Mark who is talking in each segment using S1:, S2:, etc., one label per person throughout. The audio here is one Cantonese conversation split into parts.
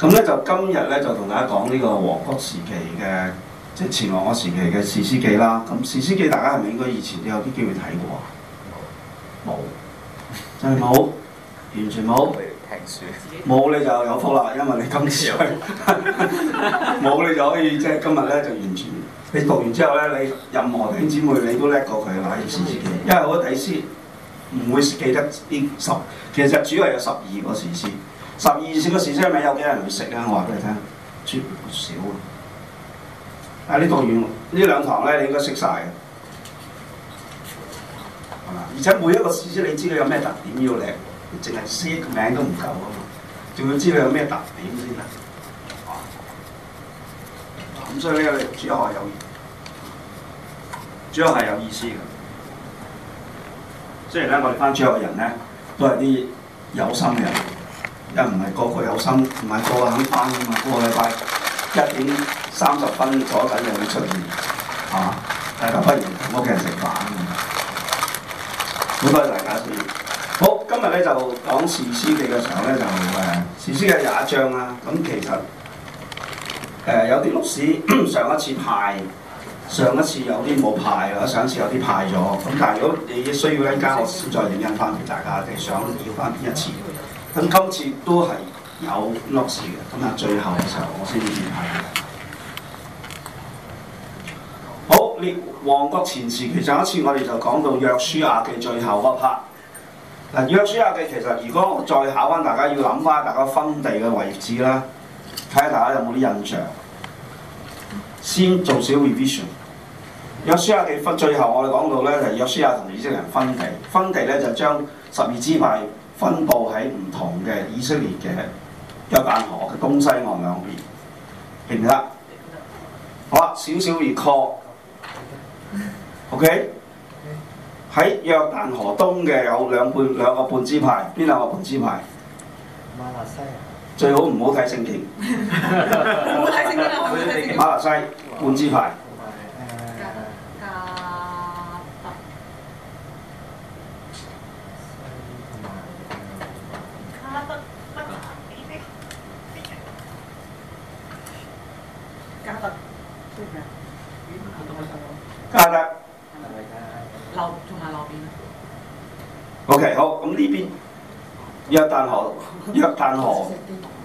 S1: 咁咧就今日咧就同大家講呢個王國時期嘅即係前王國時期嘅士師記啦。咁士師記大家係咪應該以前都有啲機會睇過啊？冇沒，真係冇，完全冇。冇你就有福啦，因為你今次去冇你， 你就可以即係今日咧就完全你讀完之後咧你任何兄弟姊妹你都叻過佢啊！士師記因為我睇書唔會記得邊十，其實主要係有十二個士師。十二個士師即係咪有幾多人會識咧？我話俾你聽，少啊！啊，你讀完呢兩堂咧，你應該識晒嘅，係嘛？而且每一個士師咧，你知道你有咩特點要你？淨係識名都唔夠啊嘛！仲要知佢有咩特點先得。啊、哦，咁所以呢我哋主日學係有意，主日學係有意思嘅。雖然咧，我哋班主日學嘅人咧，都係啲有心人。嗯。因為唔係個個有心，唔係個，個個肯翻㗎嘛？個禮拜一點三十分左右就會出現，嚇、啊！大家不如同屋企人食飯好多謝大家好，今日咧就講士師記嘅時候咧，就誒、呃、士師記嘅廿一章啊。咁其實誒、呃、有啲律師上一次派，上一次有啲冇派啊，上一次有啲派咗。咁但係如果你需要一陣間，我先再影印翻俾大家，即係想要翻邊一次？咁今次都係有落市嘅，咁啊最後嘅時候、嗯、我先至係好。列王國前時期其實一次我哋就講到約書亞記最後一 part。嗱，約書亞記其實如果我再考翻大家，要諗翻大家分地嘅位置啦，睇下大家有冇啲印象，先做小 revision。約書亞記分最後我哋講到咧係約書亞同以色列人分地，分地呢，就將十二支派。分布喺唔同嘅以色列嘅約旦河嘅東西岸兩邊，明唔明？好啦，少少 recall，OK。喺約旦河東嘅有兩半兩個半支派，邊兩個半支派？瑪拿西最好唔好睇聖經。唔好睇聖經啊！瑪拿西半支派。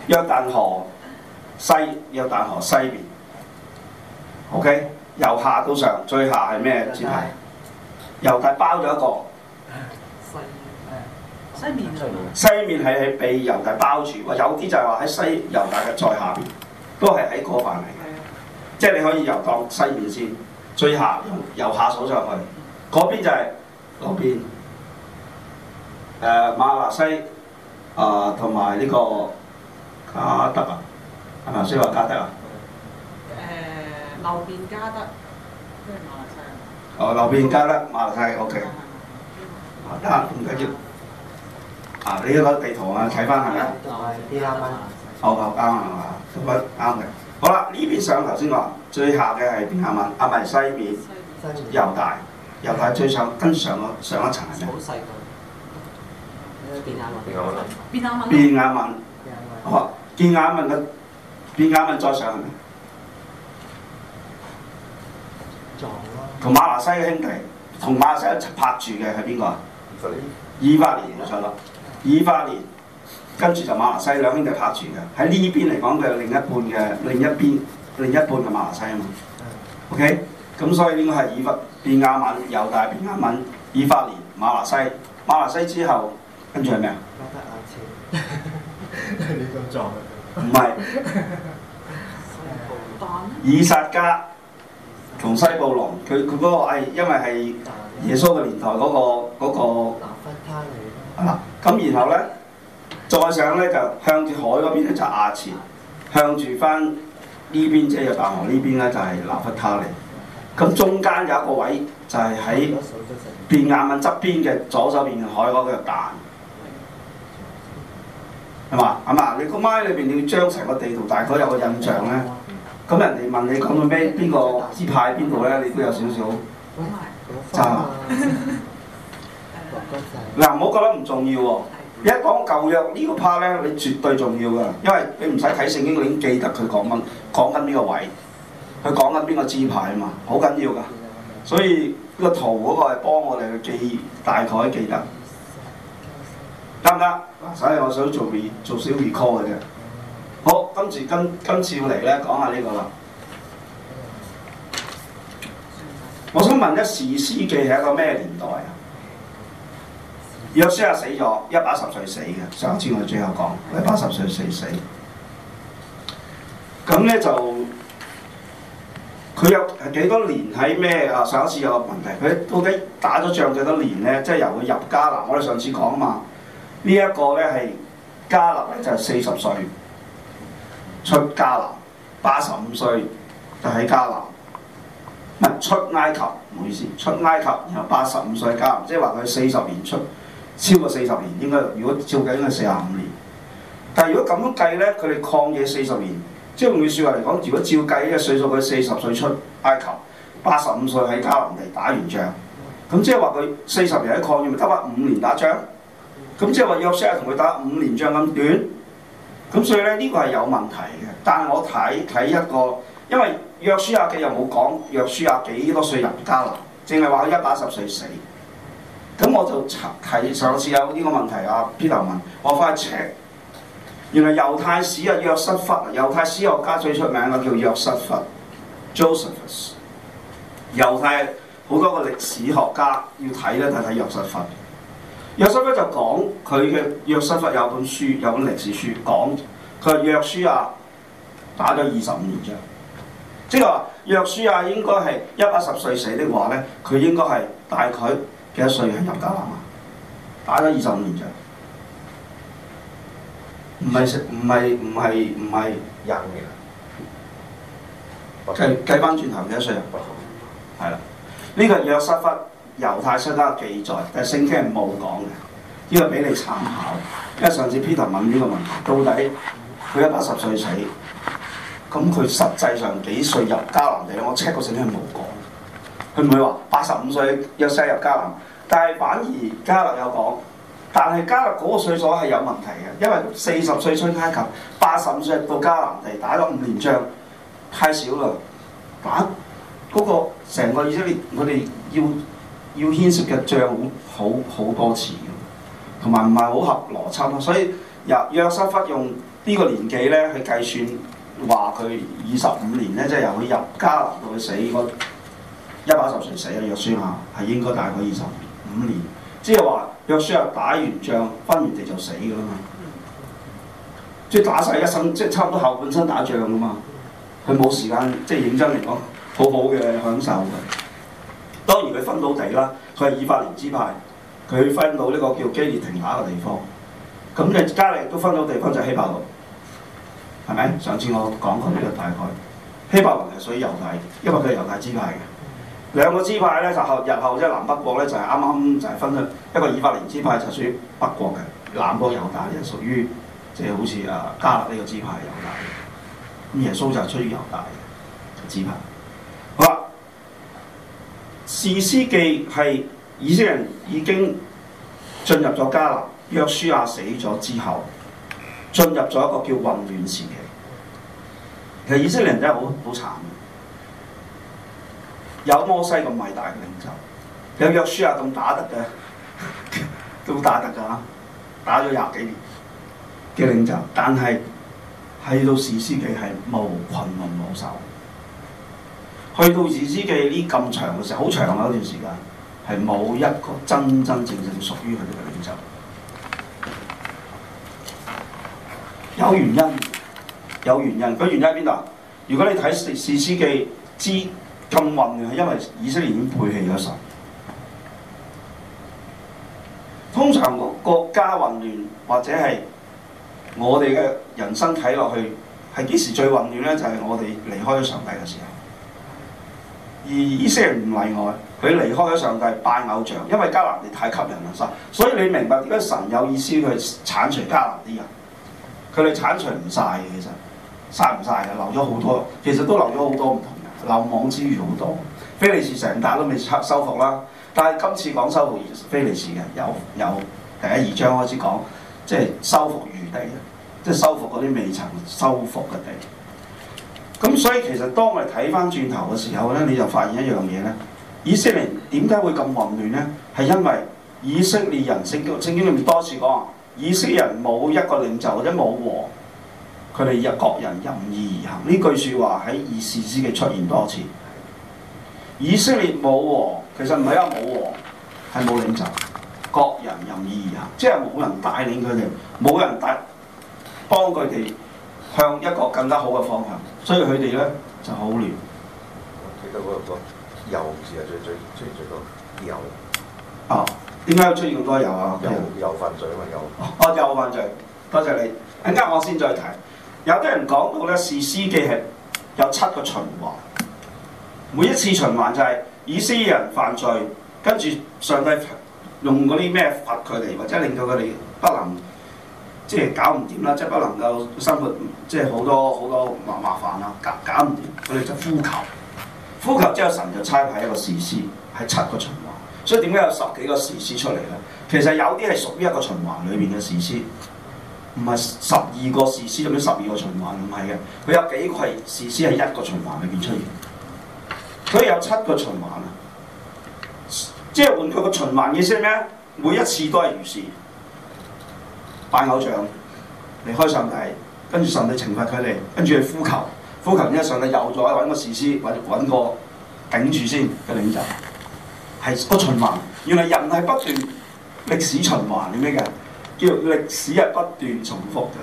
S1: 約旦河西，約旦河西面 o、okay? k 由下到上，最下係咩支派？猶大包咗一個西緬，西緬係被猶大包住。有啲就係話喺西猶大嘅再下面，都係喺嗰範圍。的即你可以遊蕩西緬先，最下由，由下數上去，嗰邊、嗯、就係嗰邊。誒、呃，瑪拿西啊，同埋呢個。啊，得啊，亞、呃、馬西話加得啊。誒，流便加得，即係哦，流便加得亞馬西，OK 馬西。啊，得，唔緊要。啊，呢一個地圖啊，睇翻下啦。係，便雅憫？哦，便雅憫啊，咁啱嘅。好啦，呢邊上頭先話最下嘅係便雅憫？啊咪西面又大又大，大最上跟上個上一層咧。好細個。便雅憫。便雅憫。便雅憫。便雅憫嘅便雅憫再上係咩？同瑪拿西嘅兄弟，同瑪拿西一齊拍住嘅係邊個啊？以法蓮上啦，以法蓮跟住就瑪拿西兩兄弟拍住嘅，喺呢邊嚟講佢有另一半嘅另一邊另一半嘅瑪拿西嘛。O K，咁所以應該係以法蓮便雅憫，由大便雅憫，以法蓮瑪拿西、瑪拿西之後，跟住係咩啊？嗯你咁撞？唔係，以撒加同西布龍，佢佢嗰個係因為係耶穌嘅年代嗰個啊，咁、那個、然後咧，再上咧就向住海嗰邊就扎前，向住翻呢邊即係大河呢邊咧就係拿弗他利。咁中間有一個位就係喺便雅憫側邊嘅左手邊海嗰個蛋。係嘛？係嘛？你個麥裏邊你要將成個地圖大概有個印象咧。咁、嗯、人哋問你講到咩邊個支派邊度咧，你都有少少嗱，唔好、嗯嗯啊、 覺得唔重要喎。一講舊約、這個、呢個派咧，你絕對重要噶，因為你唔使睇聖經，你已經記得佢講乜，講緊呢個位，佢講緊邊個支派啊嘛，好緊要噶。所以個圖嗰個係幫我哋去記大概記得。得唔得？所以我想做微做小 recall 嘅啫。好，今次今今次嚟咧，講下呢個啦。我想問一士師記係一個咩年代啊？約書亞死咗，一百一十歲死嘅。上一次我哋最後講，一百一十歲死死。咁咧就佢有幾多年喺咩啊？上一次有一個問題，佢到底打咗仗幾多年咧？即係由佢入家，嗱，我哋上次講啊嘛。呢一個呢係迦勒呢就四十歲出迦南，八十五歲就喺迦南，唔係出埃及，唔好意思，出埃及然後八十五歲迦南，即係話佢四十年出超過四十年，應該如果照計應該四十五年。但係如果咁樣計呢，佢哋曠野四十年，即係用句説話嚟講，如果照計嘅歲數，佢四十歲出埃及，八十五歲喺迦南地打完仗，咁即係話佢四十年喺曠野，咪得翻五年打仗？咁即係話約書亞同佢打五年仗咁短，咁所以咧呢、呢個係有問題嘅。但係我睇睇一個，因為約書亞記又冇講約書亞幾多，多歲入迦南，淨係話佢一百十歲死。咁我就查睇上次有呢個問題啊，Peter 問我返去 check，原來猶太史啊約瑟夫，猶太史學家最出名嘅叫約瑟夫 Josephus。Josephus，猶太好多個歷史學家要睇呢，睇睇約瑟夫。約瑟芬就講佢嘅約瑟芬有本書有本歷史書講佢話約書亞、啊、打咗二十五年仗，即係話約書亞、啊、應該係一百一十歲死嘅話咧，佢應該係大概幾多歲喺入迦南啊，打咗二十五年仗，唔係唔係唔係唔係人嚟。年。計計翻轉頭幾多歲入？係啦，呢、這個約瑟芬。猶太書家記載，但聖經係冇講嘅，呢個俾你參考。因為上次 Peter 問呢個問題，到底佢一百一十歲死，咁佢實際上幾歲入迦南地，我 check 過聖經，係冇講。佢唔會話八十五歲有先入迦南，但係反而迦勒有講。但係迦勒嗰個歲數係有問題嘅，因為四十歲出埃及，八十五歲到迦南地打咗五年仗，太少啦。打、啊、嗰、那個成個以色列，我哋要。要牽涉嘅仗好好好多次，同埋唔係好合邏輯咯。所以約約書亞用呢個年紀咧去計算，話佢二十五年咧，即係由佢入家到佢死，我一百一十歲死啊！約書亞係應該大概二十五年，即係話約書亞打完仗，分完地就死噶嘛。即係打晒一生，即係差唔多後半生打仗噶嘛。佢冇時間，即係認真嚟講，好好嘅享受嘅。當然佢分到地啦，佢係以法蓮支派，佢分到呢個叫基列亭拿嘅地方。咁嘅加勒都分到地方就希伯來，係咪？上次我講過呢個大概。希伯來係屬於猶大，因為佢係猶大支派嘅。兩個支派呢，就後日後即係南北國咧就係啱啱就係分咗一個以法蓮支派就屬於北國嘅，南國猶大就屬於即係好似加勒呢個支派猶大。咁耶穌就屬於猶大嘅支派。.士師記係以色列人已經進入咗迦南。約書亞死咗之後，進入咗一個叫混亂時期。其實以色列人真係好好慘，有摩西咁偉大嘅領袖，有約書亞咁打得嘅， 都打得㗎，打咗廿幾年嘅領袖，但係去到士師記係無群龍無首。去到士師記呢咁長嘅時候，好長嗰段時間，係冇一個真真正正屬於佢哋嘅領袖，有原因，有原因。個原因喺邊度？如果你睇士師記之咁混亂，係因為以色列已經背棄咗神。通常國家混亂，或者係我哋嘅人生睇落去係幾時最混亂咧？就係、是、我哋離開咗上帝嘅時候。而這些人唔例外，佢離開咗上帝拜偶像，因為迦南地太吸引啦，所以你明白點解神有意思佢係剷除迦南啲人？佢哋剷除唔晒嘅，其實晒唔晒嘅，留咗好多，其實都留咗好多唔同嘅漏網之魚好多。非利士成笪都未拆收復啦，但係今次講收復非利士嘅，有有第一二章開始講，即係收復餘地，即係收復嗰啲未曾收復嘅地。咁所以其實當我哋睇翻轉頭嘅時候咧，你就發現一樣嘢咧，以色列點解會咁混亂咧？係因為以色列人聖經聖經裏面多次講，以色列人冇一個領袖或者冇王，佢哋日各人任意而行。呢句説話喺士師記出現多次。以色列冇王，其實唔係因為冇王，係冇領袖，各人任意而行，即係冇人帶領佢哋，冇人帶幫佢哋向一個更加好嘅方向。所以佢哋咧就好亂。睇到嗰個又字啊，最最最最多又。啊？點解出現咁多又啊？又又犯罪啊嘛，又。哦，又犯罪。多謝你。陣間我先再提。有啲人講到咧，士師記係有七個循環。每一次循環就係，以色列人犯罪，跟住上帝用嗰啲咩罰佢哋，或者令到佢哋不能。即係搞唔掂啦，即係不能夠生活，即係好多好多麻麻煩啦，搞搞唔掂，佢哋就呼求，呼求之後神就差派一個士師喺七個循環，所以點解有十幾個士師出嚟咧？其實有啲係屬於一個循環裏邊嘅士師，唔係十二個士師咁樣，十二個循環，唔係嘅，佢有幾個士師喺一個循環裏邊出現，所以有七個循環啊，即係換佢個循環意思係咩？每一次都係如是。擺偶像，離開上帝，跟住上帝懲罰佢哋，跟住去呼求，呼求之後，上帝又再揾個事師，揾揾個緊住先嘅領袖，係個循環。原來人係不斷歷史循環嘅咩嘅？叫，叫做歷史係不斷重複嘅。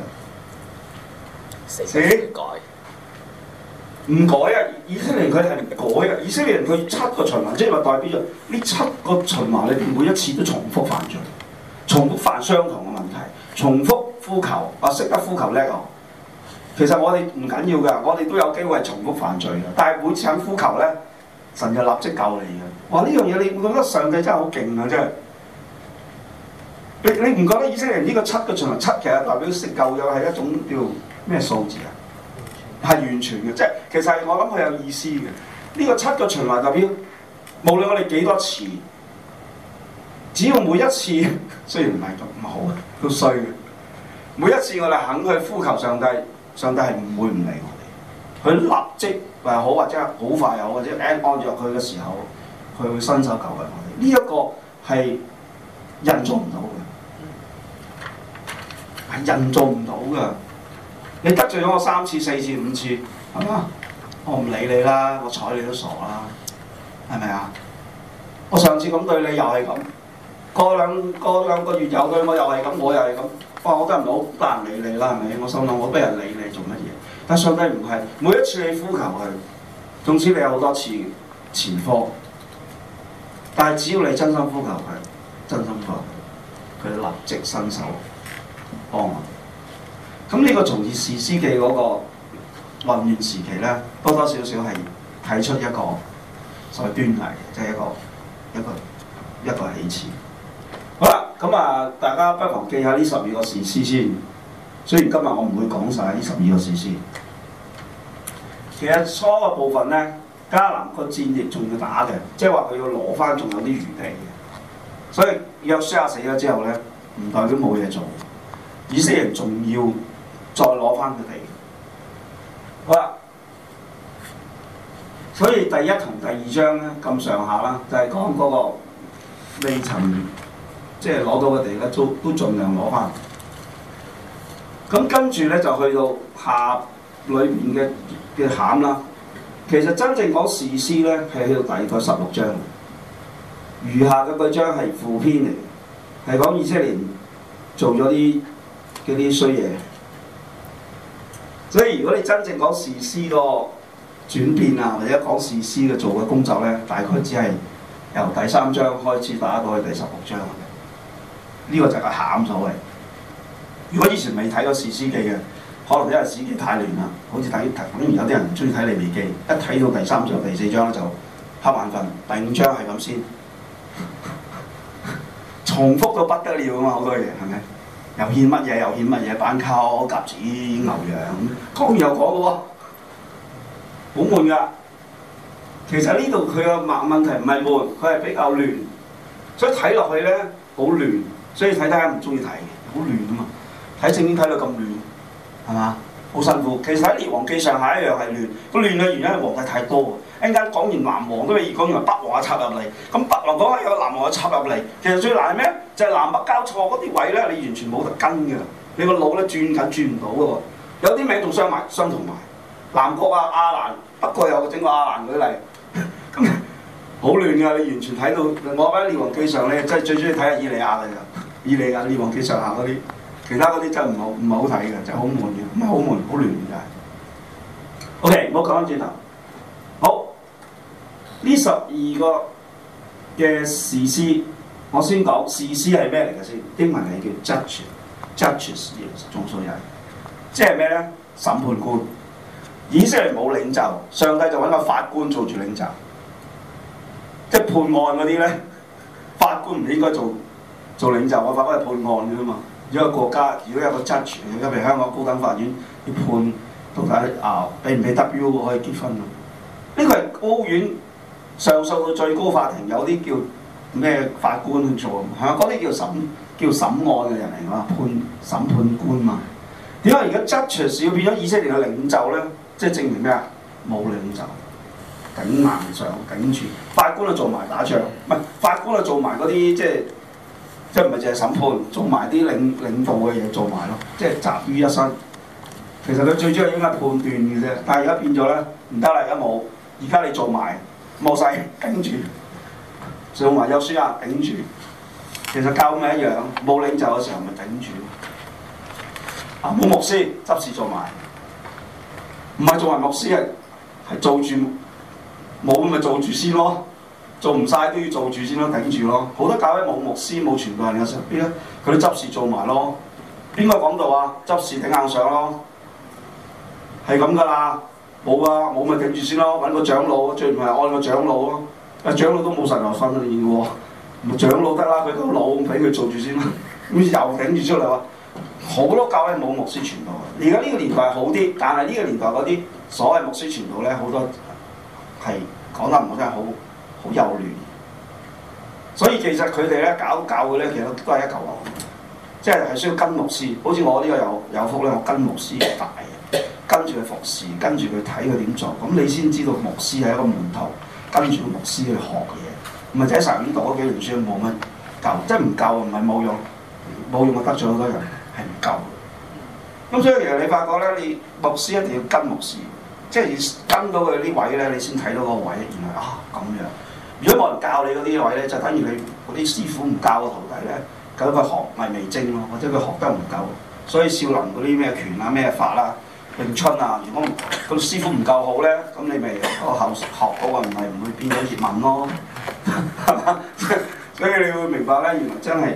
S1: 死唔改？唔改啊！以色列人佢係唔改啊！以色列人佢七個循環，即係話代表咗呢七個循環，你每一次都重複犯罪，重複犯相同嘅問題。重複呼求，我、啊、識得呼求叻哦、啊。其實我哋唔緊要嘅，我哋都有機會係重複犯罪嘅。但係每次肯呼求咧，神就立即救你嘅。哇！呢樣嘢你，會覺得上帝真係好勁啊，真係。你你唔覺得以色列人呢個七個循環七其實代表釋救又係一種叫咩數字啊？係完全嘅，即係其實我諗佢有意思嘅。呢、呢個七個循環代表，無論我哋幾多次。只要每一次，雖然唔係咁好，都衰嘅。每一次我哋肯去呼求上帝，上帝係唔會唔理我哋。佢立即唔好或者係好快又好，或，好或者誒按著佢嘅時候，佢會伸手救埋我哋。呢、這、一個係人做唔到嘅，係人做唔到㗎。你得罪咗我三次、四次、五次，係、啊、嘛？我唔理你啦，我睬你都傻啦，係咪啊？我上次咁對你又，又係咁。過兩個兩個月有佢，我又係咁，我又係咁。我覺得唔好得閒理你啦，係咪？我心諗我得閒理你做乜嘢？但上帝唔係每一次你呼求佢，總之你有好多次前科。但係只要你真心呼求佢，真心呼求，佢佢立即伸手幫我。咁呢個從葉士師記嗰個混亂時期咧，多多少少係睇出一個所謂端倪，即係一個一個一個起始。咁啊，大家不妨記下呢十二個時事先。雖然今日我唔會講晒呢十二個時事。其實初嘅部分咧，迦南嘅戰役仲要打嘅，即係話佢要攞翻仲有啲餘地嘅。所以約書亞死咗之後咧，唔代表冇嘢做。以色列仲要再攞翻佢哋。好啦，所以第一同第二章咧咁上下啦，就係講嗰個未曾。那個即係攞到嘅地咧，都都儘量攞翻。咁跟住咧就去到下裏面嘅嘅餡啦。其實真正講士師咧，係去到大概十六章，餘下嘅嗰章係附篇嚟，係講二七年做咗啲啲衰嘢。所以如果你真正講士師個轉變啊，或者講士師嘅做嘅工作咧，大概只係由第三章開始打到去第十六章。呢個就係個鹹所謂。如果以前未睇過《士師記》嘅，可能因為士師記太亂啦，好似睇，反而有啲人唔中意睇《利未記》。一睇到第三章、第四章咧就瞌眼瞓，第五章係咁先， 重複到不得了啊！好多人係咪？又獻乜嘢？又獻乜嘢？斑鳩、鴿子、牛羊，講完又講嘅喎，好悶㗎。其實呢度佢嘅問問題唔係悶，佢係比較亂，所以睇落去呢，好亂。所以睇睇唔中意睇，好亂啊嘛！睇正經睇到咁亂，係嘛？好辛苦。其實喺《列王記》上下一樣係亂，個亂嘅原因係皇帝太多喎。一間講完南王，都未而講完北王又插入嚟，咁北王講下有南王又插入嚟。其實最難係咩？就係、是、南北交錯嗰啲位咧，你完全冇得跟嘅，你個腦咧轉緊轉唔到喎。有啲名仲相埋，相同埋南國啊阿蘭，不過又整個阿蘭舉例，咁 好亂㗎！你完全睇到我喺《列王記》上咧，真係最中意睇阿以利亞嚟㗎。以你噶呢王啲上下嗰啲，其他嗰啲就唔好唔好睇嘅，就好悶嘅，唔係好悶好亂嘅。O.K. 唔好講返轉頭，好呢十二個嘅士師，我先講士師係咩嚟嘅先？英文係叫 judges，judges 做所有人，即係咩咧？審判官以色列冇領袖，上帝就揾個法官做住領袖，即係判案嗰啲咧，法官唔應該做。做領袖我法官係判案㗎嘛？如果個國家如果有個質樞，咁譬如香港高等法院要判到底啊，俾唔俾 W 可以結婚啊？呢個係高院上訴到最高法庭，有啲叫咩法官去做係嘛？嗰啲叫審叫審案嘅人嚟㗎嘛？判審判官嘛？點解而家質樞要變咗以色列嘅領袖咧？即係證明咩啊？冇領袖，頂硬上，頂住，法官就做埋打仗，唔係法官就做埋嗰啲即係。即唔係淨係審判做埋啲領領導嘅嘢做埋咯，即係集於一身。其實佢最主要應該判斷嘅啫，但係而家變咗咧，唔得啦，而家冇。而家你做埋冇晒，頂住，上埋休書啊頂住。其實教咪一樣，冇領袖嘅時候咪頂住。啊，冇牧師執事做埋，唔係做埋牧師嘅，係做住，冇咪做住先咯。做唔晒都要做住先咯、啊，頂住咯。好多教會冇牧師冇傳道人嘅時候，邊個，佢都執事做埋咯。邊個講到啊？執事頂硬上咯，係咁噶啦。冇啊，冇咪頂住先咯、啊，搵個長老，最唔係按個長老咯。啊長老都冇神流分嘅、啊、喎，長老得啦、啊，佢都老，畀佢做住先啦、啊。咁又頂住出嚟喎。好多教會冇牧師傳道，而家呢個年代好啲，但係呢個年代嗰啲所謂牧師傳道呢，好多係講得唔真係好。幼嫩，所以其實佢哋咧搞搞嘅咧，其實都係一嚿牛，即係係需要跟牧師。好似我呢個有有福咧，我跟牧師大，嘅，跟住佢服侍，跟住佢睇佢點做，咁你先知道牧師係一個門徒，跟住個牧師去學嘢。唔係喺神學院讀嗰幾年書冇乜即真唔夠，唔係冇用，冇用我得罪好多人係唔夠。咁所以其實你發覺咧，你牧師一定要跟牧師，即係跟到佢啲位咧，你先睇到個位。原來啊咁樣。如果冇人教你嗰啲位咧，就等於你嗰啲師傅唔教個徒弟咧，咁佢學咪、就是、未精咯，或者佢學得唔夠，所以少林嗰啲咩拳啊、咩法啦、啊、詠春啊，如果個師傅唔夠好咧，咁你咪後、那個、學嗰個唔係唔會變咗葉問咯，係嘛？所以你會明白咧，原來真係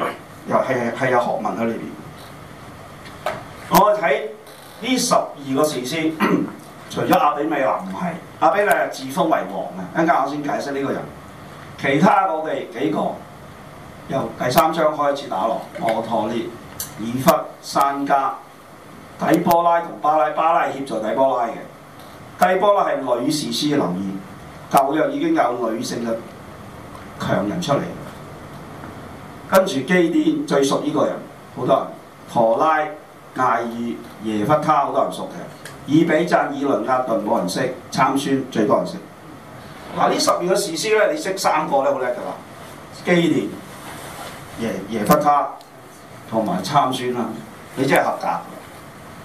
S1: 又係係有學問喺裏邊。我睇呢十二個士師先， 除咗亞比米勒唔係亞比米勒自封為王嘅，一陣間我先解釋呢個人。其他我哋幾個由第三章開始打落，俄陀聶、以笏、珊迦、底波拉同巴拉，巴拉協助底波拉嘅。底波拉係女士，需留意，舊約已經有女性嘅強人出嚟。跟住基甸最熟呢個人，好多人。陀拉、艾爾、耶弗他，好多人熟嘅。以比讚、以倫、押頓冇人識，參孫最多人識。嗱、啊、呢十二個士師咧，你識三個咧好叻㗎啦！基甸、耶弗他同埋參孫啦，你真係合格。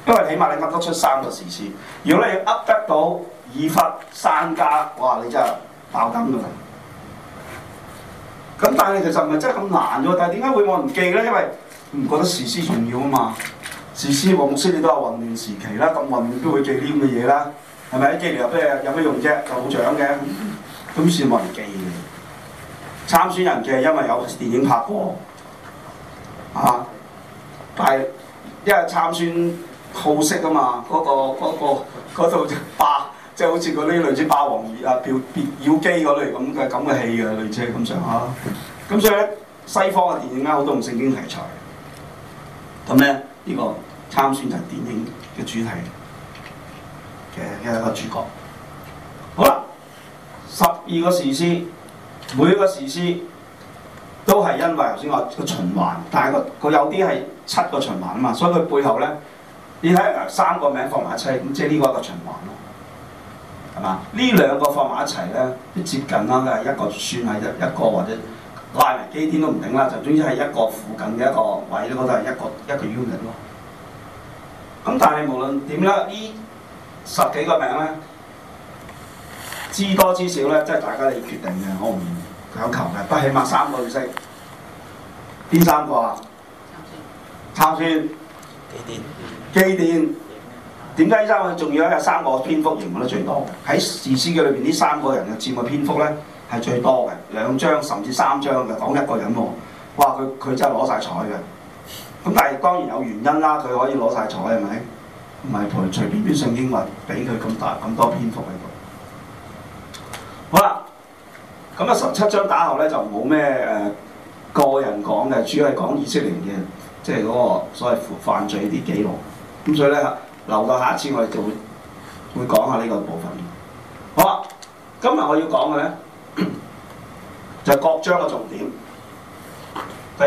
S1: 因為起碼你噏得出三個士師，如果你噏得到二佛三家，哇！你真係爆燈㗎啦！咁但係其實唔係真係咁難啫喎，但係點解會冇人記咧？因為唔覺得士師重要啊嘛！士師往穆斯利都係混亂時期啦，咁混亂都會記啲咁嘅嘢啦？係咪？記嚟又咩？有咩用啫？就冇獎嘅。咁算冇人記嘅，參孫人嘅，因為有電影拍過，嚇、啊，但係因為參孫好色啊嘛，嗰、那個嗰度嗰霸，即、那、係、個那個那個、 好似嗰啲類似霸王啊、飄飄妖姬嗰類咁嘅咁嘅戲嘅，類似咁上下。咁、啊啊、 所以咧，西方嘅電影咧好多用聖經題材，咁咧呢個參孫就係電影嘅主題嘅一個主角。好啦。十二個士師，每一個士師都係因為頭先話個循環，但係個佢有啲係七個循環啊嘛，所以佢背後咧，你睇啊三個名放埋一齊，咁即係呢個一個循環咯，係嘛？呢兩個放埋一齊咧，接近啦，都係一個算係一一個或者拉埋幾天都唔定啦，就總之係一個附近嘅一個位咧，我都係一個一個 unit 咯。咁但係無論點啦，呢十幾個名咧，知多知少咧，即係大家要決定嘅，我唔強求嘅。不過起碼三個要識，邊三個啊？參孫、基甸、基甸。點解呢三個仲要有三個篇幅佔得最多？喺士師記嘅裏邊，呢三個人嘅佔嘅篇幅咧係最多嘅，兩章甚至三章嘅講一個人喎。哇！佢佢真係攞晒彩嘅。咁但係當然有原因啦，佢可以攞晒彩係咪？唔係隨隨便便上英文，俾佢咁大咁多篇幅嘅。好啦，咁啊十七章打後咧就冇咩誒個人講嘅，主要係講以色列嘅，即係嗰個所謂犯罪啲記錄。咁所以咧留到下一次我哋就，會講下呢個部分。好啦，今日我要講嘅咧就係，各章嘅重點，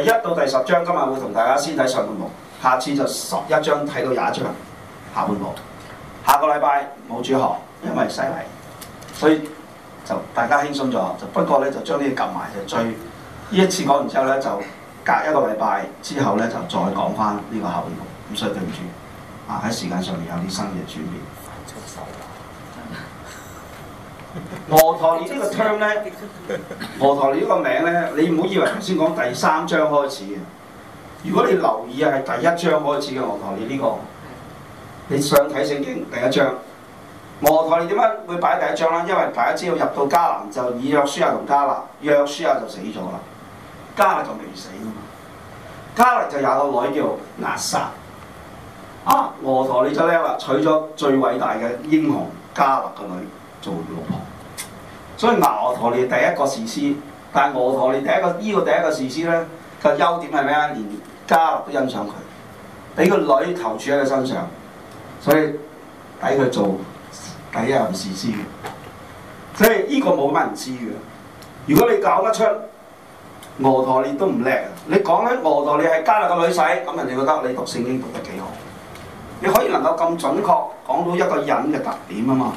S1: 第一到第十章今日會同大家先睇上半部，下次就十一章睇到廿一章下半部。下個禮拜冇主學，因為犀利。所以。就大家輕鬆咗，就不過咧就將呢啲夾埋就追。呢一次講完之後咧，就隔一個禮拜之後咧就再講翻呢個後面。咁所以對唔住，啊喺時間上面有啲新嘅轉變。俄陀聶 呢個章咧，俄陀聶呢個名咧，你唔好以為頭先講第三章開始嘅。如果你留意啊，係第一章開始嘅俄陀聶你呢個。你想睇聖經第一章？俄陀聶點解會擺第一張咧？因為大家知道入到迦南就以約書亞同迦勒，約書亞就死咗啦，迦勒就未死啊嘛。迦勒就有個女叫押撒，啊，俄陀聶就叻啦，娶咗最偉大嘅英雄迦勒嘅女做老婆。所以亞俄陀聶第一個士師，但係俄陀聶第一個呢、這個第一個士師咧嘅優點係咩啊？連迦勒都欣賞佢，俾個女投注喺佢身上，所以俾佢做。第一唔知知嘅，所以呢個冇乜人知嘅。如果你搞得出，俄陀你都唔叻。你講咧，俄陀你係迦勒嘅女婿，咁人哋覺得你讀聖經讀得幾好。你可以能夠咁準確講到一個人嘅特點啊嘛，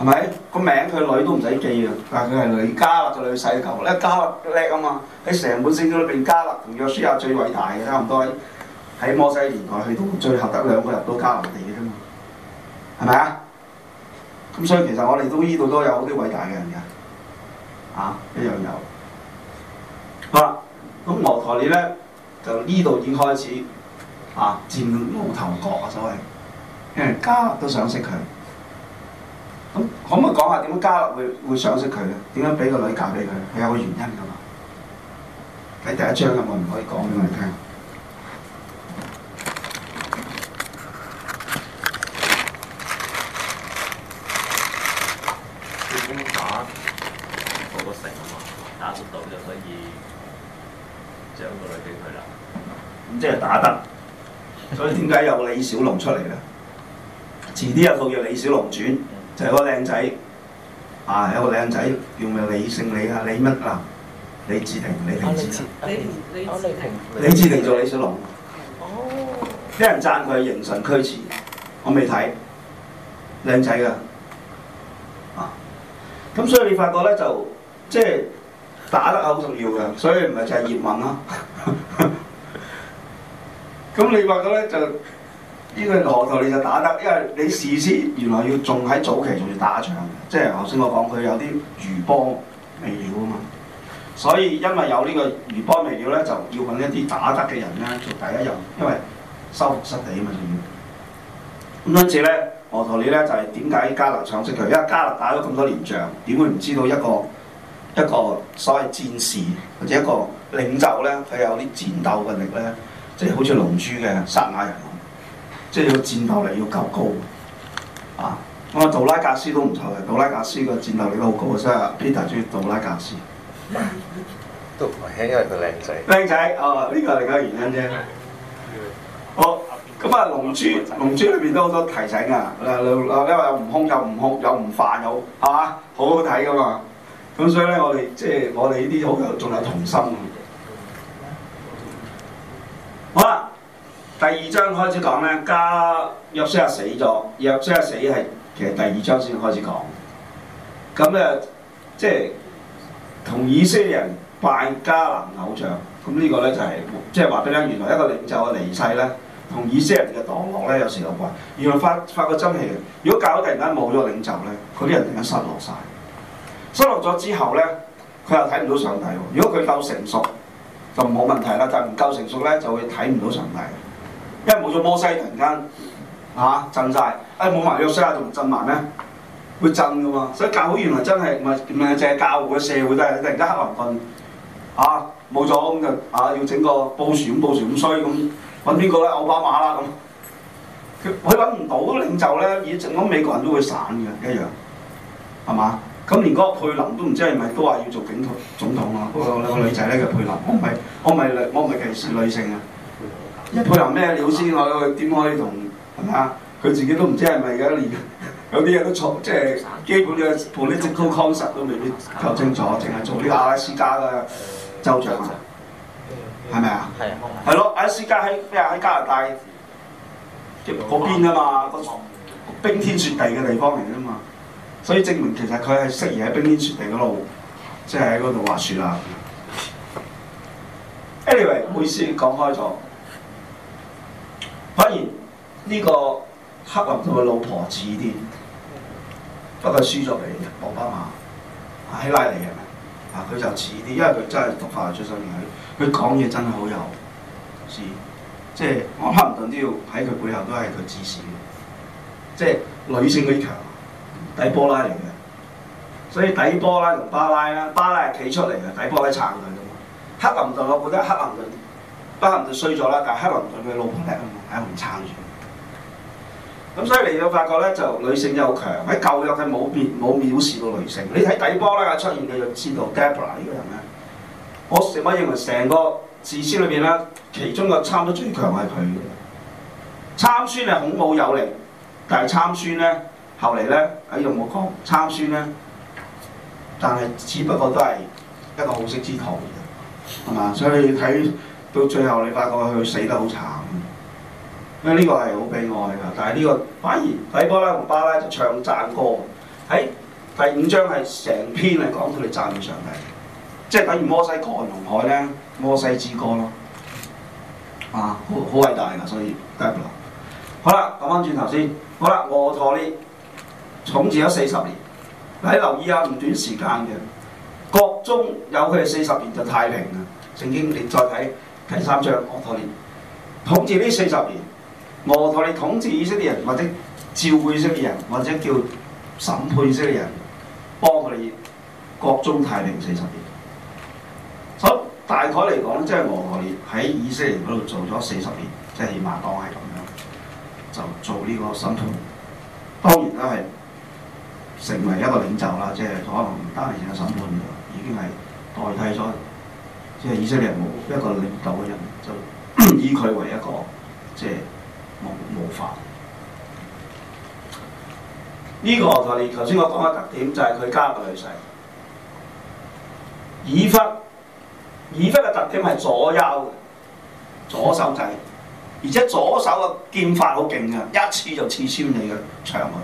S1: 係咪？個名佢女都唔使記啊，但係佢係女迦勒嘅女婿嚿，咧迦勒叻啊嘛。喺成本聖經裏邊，迦勒同約書亞最偉大嘅，差唔多喺摩西年代去到最後得兩個人入到迦南地嘅啫嘛，係咪啊？咁、嗯、所以其實我哋都呢度都有好啲偉大嘅人嘅，啊一樣有。好啦、啊，咁岳台你咧就呢度已經開始啊，漸露頭角、嗯、啊，所謂。誒，家都想識佢。咁可唔可以講下點樣家會會想識佢咧？點樣俾個女嫁俾佢？係有個原因噶嘛？喺第一章咁我唔可以講俾我哋聽。嗯嗯嗯即係打得，所以點解有李小龍出嚟咧？遲啲有套叫《李小龍傳》，就係、是、個靚仔，啊有個靚仔叫咪李姓李啊李乜啊李治廷、李治廷、李李李治廷，做李小龍。哦，啲人讚佢係形神俱似，我未睇靚仔㗎，啊，咁所以你發覺咧就即係打得係好重要㗎，所以唔係就係葉問咯。咁你話嘅呢，就呢、這個羅陀利就打得，因為你事先原來要仲喺早期仲要打仗，即係頭先我講佢有啲餘波未了啊嘛。所以因為有呢個餘波未了呢，就要揾一啲打得嘅人呢做第一任，因為收復失地啊嘛仲要。咁因此呢，羅陀利呢就係點解迦勒賞識佢？因為迦勒打咗咁多年仗，點會唔知道一個一個所謂戰士或者一個領袖呢，佢有啲戰鬥嘅力呢。即係好似龍珠嘅薩亞人，即係個戰鬥力要夠高啊！咁啊，杜拉格斯都唔錯嘅，杜拉格斯個戰鬥力都好高啊！所以，Peter 最中意杜拉格斯，都唔係因為佢靚仔，靚仔哦，呢、這個係另一個原因啫。好咁啊、嗯，龍珠龍珠裏邊都好多提醒啊！因為有悟空，有悟空，有悟飯，好，係嘛，好好睇㗎嘛。咁所以咧，我哋即係我哋呢啲好有仲有童心。好啦，第二章開始講呢。加約書亞死咗，約書亞死係其實第二章先開始講。咁呢，即係同以色列人拜迦南偶像，咁呢個呢，就係、是、即係話俾你聽，原來一個領袖嘅離世呢，同以色列人嘅墮落呢，有時有關。原來發發覺真係，如果搞到突然間冇咗領袖呢，嗰啲人突然間失落晒。失落咗之後呢，佢又睇唔到上帝。如果佢夠成熟，就冇問題啦，但唔夠成熟呢，就會睇唔到上帝，因為冇咗摩西突然間嚇、啊、震晒，哎冇埋約書亞同埋震埋呢，會震噶嘛。所以教會原來真係唔係唔係淨係教會嘅社會真係突然間克林頓嚇冇咗咁就嚇要整個布殊，咁布殊咁衰，咁揾邊個呢？奧巴馬啦，咁佢揾唔到領袖呢，以整個美國人都會散嘅一樣係嘛？咁連嗰個佩林都唔知係咪都話要做警總統啊。統咯，嗰個女仔咧叫佩林，我唔係，我唔係女，我唔係歧視女性啊！佩林咩料先？我我點可以同係咪啊？佢自己都唔知係咪嘅，連有啲嘢都錯，即係基本嘅 political 常識都未必搞清楚，淨係做呢個阿拉斯加嘅州長啊，係咪啊？係，係咯，阿拉斯加喺咩喺加拿大嗰邊啊嘛，冰天雪地嘅地方嚟啊所以證明其實佢係適宜喺冰天雪地嗰度，即係喺嗰度滑雪啦。Anyway，唔好意思，講開咗。反而呢個黑林頓嘅老婆似啲，不過輸咗俾奧巴馬希拉里啊。佢就似啲，因為佢真係讀法文出身嘅，佢講嘢真係好有，似即係我黑林頓都要喺佢背後都係佢指使，即係女性嘅強。底波拉嚟嘅，所以底波拉同巴拉啦，巴拉係企出嚟嘅，底波拉撐佢嘅。克林頓我覺得克林頓，克林頓衰咗啦，但係克林頓嘅老婆咧，喺度撐住。咁所以你有發覺咧，就女性又好強，喺舊約係冇藐冇藐視過女性。你睇底波拉嘅出現，你就知道 Debora 呢個人咧。我成班認為成個士師記裏邊咧，其中個差唔多最強係佢。參孫係孔武有力，但係參孫咧。後嚟呢，喺、哎《紅木江》參孫呢，但係只不過都係一個好色之徒，係嘛？所以你睇到最後你發覺佢死得好慘，因為呢個係好悲哀㗎。但係呢個反而底波拉同巴拉就唱讚歌喺、哎、第五章係成篇係講佢哋讚嘅上帝，即係等於摩西過紅海呢，摩西之歌咯，啊，好好偉大㗎，所以。啊、好啦，講翻轉頭先，好啦，我坐呢。統治咗四十年，嗱你留意下唔短時間嘅國中有佢哋四十年就太平啦。正經你再睇第三章俄陀利統治呢四十年，俄陀利統治以色列人，或者召會式嘅人，或者叫審判式嘅人幫佢哋國中太平四十年。所、so, 以大概嚟講即係俄陀利喺以色列嗰度做咗四十年，即係起碼當係咁樣就做呢個審判。當然啦，係。成為一個領袖啦，即係可能唔單止嘅審判，已經係代替咗，即係以色列冇一個領導嘅人，就以佢為一個，即係冇模範。呢、這個就係頭先我講嘅特點，就係、是、佢加個女仔。以笏，以笏嘅特點係左右嘅，左手仔，而且左手嘅劍法好勁嘅，一次就刺穿你嘅牆啊！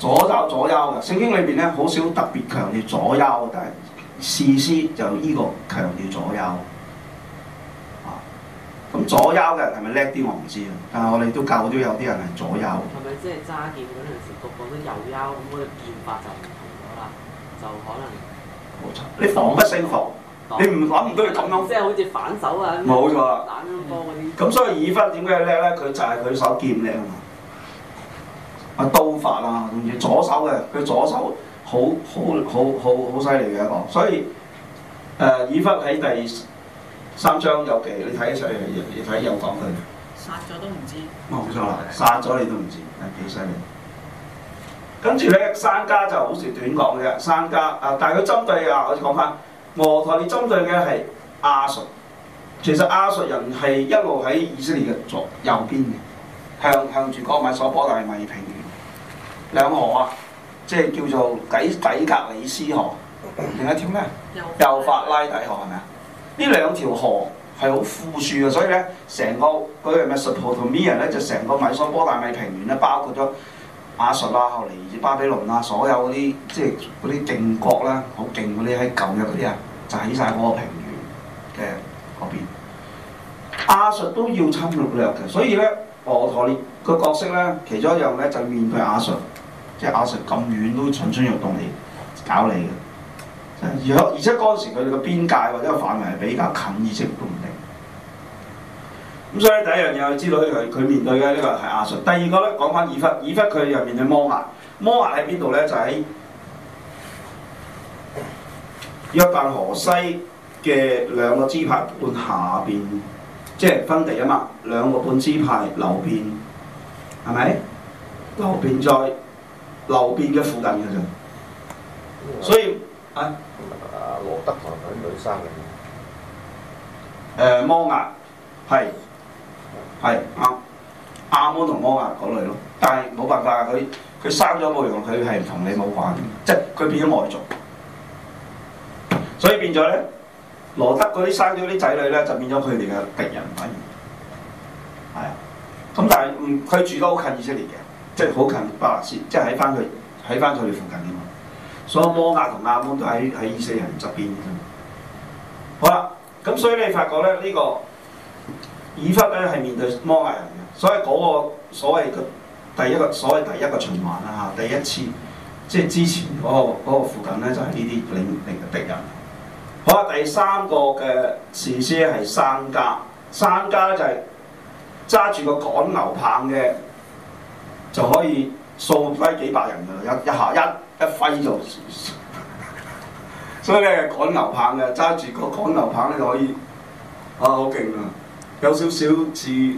S1: 左手左優嘅，聖經裏邊咧，好少特別強調左優，但係士師就依個強調左優啊。咁左優嘅係咪叻啲？我唔知啊。但係我哋都教咗有啲人係左優。係咪即係揸劍嗰陣時，個個都右優咁嘅劍法就唔同咗啦，就可能冇錯。你防不勝防，嗯、你唔諗唔到佢點樣，即係好似反手啊咁。冇錯錯。咁、嗯、所以以笏點解要叻咧？佢就係佢手劍靚啊嘛。刀法啊，同住左手嘅，佢左手好好好好好犀利嘅一個。所以誒、呃，以笏喺第三章有記，你睇一出嚟，亦睇又講佢殺咗都唔知，冇錯啦，殺咗你都唔知，係幾犀利。跟住咧，山家就好似短講嘅山家啊，但係佢針對啊，我哋講翻俄羅你針對嘅係亞述，其實亞述人係一路喺以色列嘅左右邊嘅，向向住嗰米索波大米平。兩河啊，即係叫做底底格里斯河，另一條咩？幼發拉底河係咪啊？呢兩條河係好富庶嘅，所以咧成個嗰個 Mesopotamia 咧就成個美索不達米平原咧，包括咗亞述啊、後嚟巴比倫啊，所有嗰啲即係嗰啲勁國啦，好勁嗰啲喺舊日嗰啲啊，就喺晒嗰個平原嘅嗰邊。亞述都要侵略嘅，所以咧我同你個角色咧，其中一樣咧就係、面對亞述。即亞述咁遠都蠢蠢欲動嚟搞你嘅，若而且嗰陣時佢哋嘅邊界或者範圍係比較近，以色列都唔定。咁、嗯、所以第一樣嘢我知道佢佢面對嘅呢個係亞述。第二個呢，講返以弗，以弗佢又面對摩押，摩押喺邊度呢？就喺約旦河西嘅兩個支派半下邊，即係分地啊嘛。兩個半支派流便，係咪？流便再。.流便嘅附近嘅就，為所以啊，阿羅得同佢女生嘅，摩亞，係係啊亞摩同摩亞嗰類咯，但係冇辦法，佢佢生咗冇用，佢係唔同你冇關係，嗯、即係佢變咗外族，所以變咗咧，羅德嗰啲生咗啲仔女咧，就變咗佢哋嘅敵人反而，係啊，咁但係唔，佢、嗯、住得好近以色列嘅。即係好近巴勒斯，即係喺翻佢喺翻佢哋附近啫嘛。所有摩亞同亞捫都喺喺以色列人側邊嘅啫。好啦，咁所以你發覺咧，呢、這個以笏咧係面對摩亞人嘅。所以嗰個所謂嘅第一個所謂第一個循環啦嚇，第一次即係、就是、之前嗰、那個那個附近咧就係呢啲領嘅敵人。好啦，第三個嘅事跡係珊迦，珊迦就係揸住個趕牛棒嘅。就可以掃飛幾百人噶，一一下一一揮就， 所以呢，趕牛棒嘅揸住個趕牛棒呢就可以，啊好勁啊！有少少似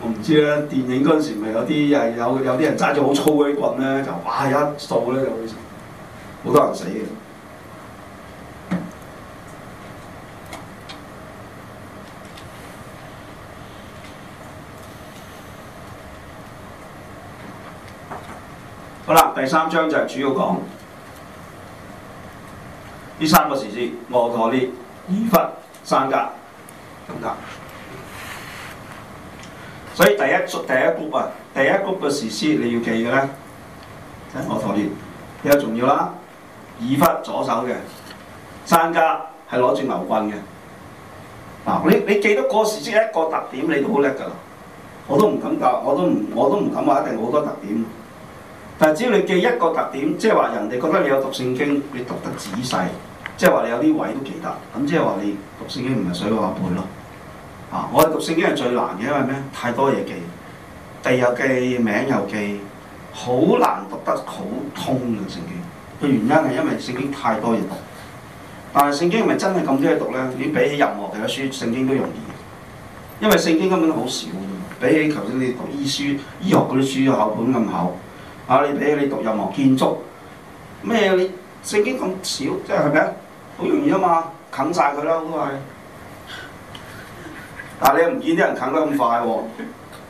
S1: 我唔知呢，電影嗰陣時咪有啲係有有啲人揸住好粗嗰啲棍呢，就哇、啊、一掃呢就好，好多人死嘅。好啦，第三章就係主要講呢三個士師：俄陀聶、以笏、珊迦。嗱，所以第一第一 group 啊，第一 group 嘅士師你要記嘅咧，俄陀聶比較重要啦。以笏左手嘅，珊迦係攞住牛棍嘅。嗱，你你記得個士師一個特點，你都好叻噶啦。我都唔敢教，我都唔我都唔敢話一定好多特點。但只要你記一個特點，即係話人哋覺得你有讀聖經，你讀得仔細，即係話你有啲位都記得，咁即係話你讀聖經唔係水話背咯。啊，我係讀聖經係最難嘅，因為咩？太多嘢記，地又記，名又記，好難讀得好通嘅聖經。個原因係因為聖經太多嘢讀，但係聖經係咪真係咁多嘢讀咧？已經比起任何其他書，聖經都容易，因為聖經根本好少嘅。比起頭先你讀醫書、醫學嗰啲書厚本咁厚。啊、你比如你讀任何建築，咩你聖經咁少，即係係咪好容易啊嘛，啃曬佢啦，我都係。但係你又唔見啲人啃得咁快喎，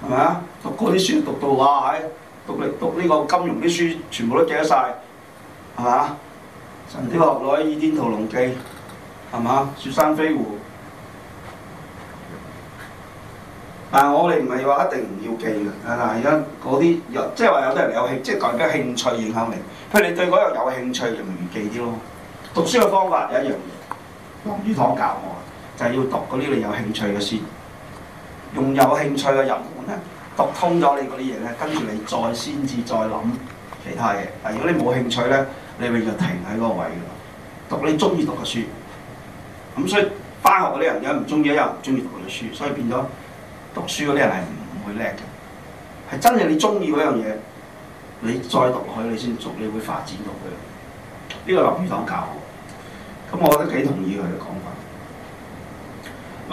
S1: 係咪啊？讀嗰啲書讀到啊，讀呢個金融啲書，全部都記得曬，係咪啊？《神鵰俠侶》《倚天屠龍記》龍，係咪啊？《雪山飛狐》。但係我哋唔係話一定唔要記嘅，啊嗱而家嗰啲又即係話有啲人，人有興趣，即係代表興趣影響力。譬如你對嗰樣有興趣，容易記啲咯。讀書嘅方法有一樣嘢，黃主堂教我，就係、是、要讀嗰啲你有興趣嘅書，用有興趣嘅入門咧，讀通咗你嗰啲嘢咧，跟住你再先至再諗其他嘢。嗱，如果你冇興趣咧，你咪就停喺嗰個位㗎。讀你中意讀嘅書，咁所以返學嗰啲人有唔中意，有唔中意讀嗰啲書，所以變咗。讀書嗰啲人係唔會叻嘅，係真係你中意嗰樣嘢，你再讀落去你先做，你會發展到佢。呢、這個林語堂教嘅，咁我覺得幾同意佢嘅講法。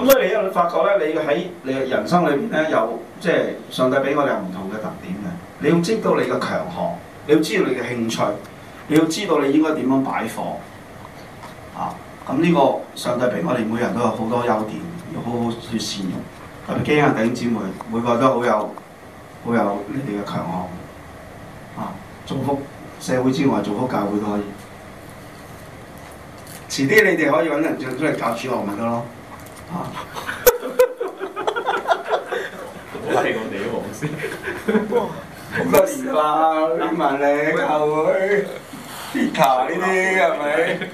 S1: 咁所以你一路發覺咧，你喺你嘅人生裏邊咧，有即係上帝俾我哋有唔同嘅特點嘅，你要知道你嘅強項，你要知道你嘅興趣，你要知道你應該點樣擺放。啊，咁呢個上帝俾我哋每人都有好多優點，要好好去善用。特別、嗯、基啊弟兄姊妹每個人都好有好有，有你哋嘅強項啊，祝福社會之外祝福教會都可以，遲啲你哋可以揾人出嚟教主日學咪得咯啊！我哋我哋黃絲，好多年化，點問你教會 p 球呢啲係咪？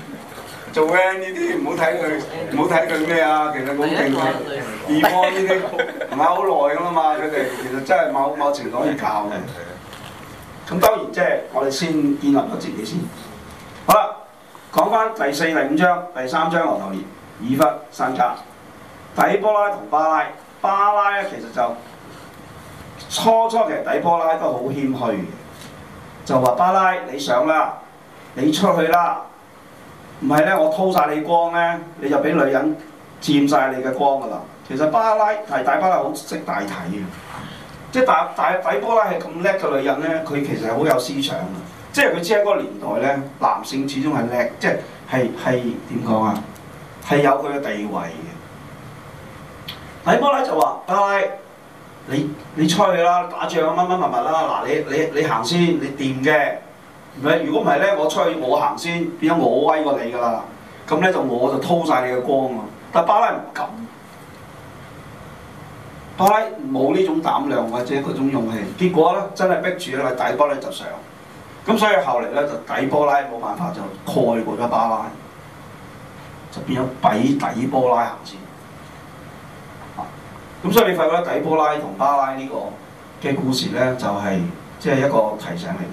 S1: 做咧呢啲唔好睇佢，唔好睇佢咩啊？其實冇定義，義方呢啲唔係好耐噶嘛。佢哋其實真係某某程度可以教嘅。咁 當然即係我哋先建立咗自己先。好啦，講翻第四、第五章，第三章俄陀聶，以笏、珊迦，底波拉同巴拉，巴拉咧其實就初初其實底波拉都好謙虛嘅，就話巴拉你上啦，你出去啦。唔係呢，我偷晒你光呢，你就俾女人佔晒你嘅光噶啦。其實巴拉係底波拉好識大體嘅，即係大大底波拉係咁叻嘅女人呢，佢其實係好有思想嘅，即係佢知喺嗰個年代呢，男性始終係叻，即係係係點講啊？係有佢嘅地位嘅。底波拉就話：巴拉，你你出去啦，打仗乜乜物物啦，嗱，你你你行先，你掂嘅。如果唔係咧，我出去我行先，變咗我威過你噶啦。咁咧就我就拖晒你嘅光啊！但係巴拉唔敢，巴拉冇呢種膽量或者嗰種勇氣。結果咧真係逼住咧，底波拉就上。咁所以後嚟咧就底波拉冇辦法就蓋過咗巴拉，就變咗俾底波拉行先。咁所以你發覺底波拉同巴拉呢個嘅故事咧，就係即係一個提醒你。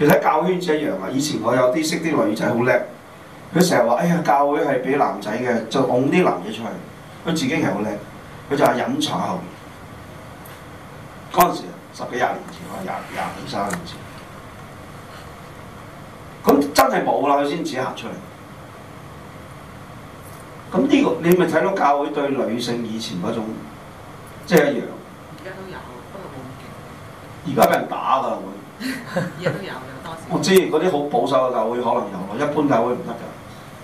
S1: 其實教會圈一樣啊！以前我有啲識啲女仔好叻，佢成日話：哎呀，教會係俾男仔嘅，就捧啲男仔出去。」佢自己係好叻，佢就係飲茶後面。嗰陣時，十幾廿年前啊，廿廿幾三年前，咁真係冇啦，佢先自己行出嚟。咁呢、呢個你咪睇到教會對女性以前嗰種，即係一樣。而家都有，不過冇咁勁。而家俾人打㗎啦，會。而家都有。 我知嗰啲好保守嘅教會可能有咯，一般教會唔得㗎，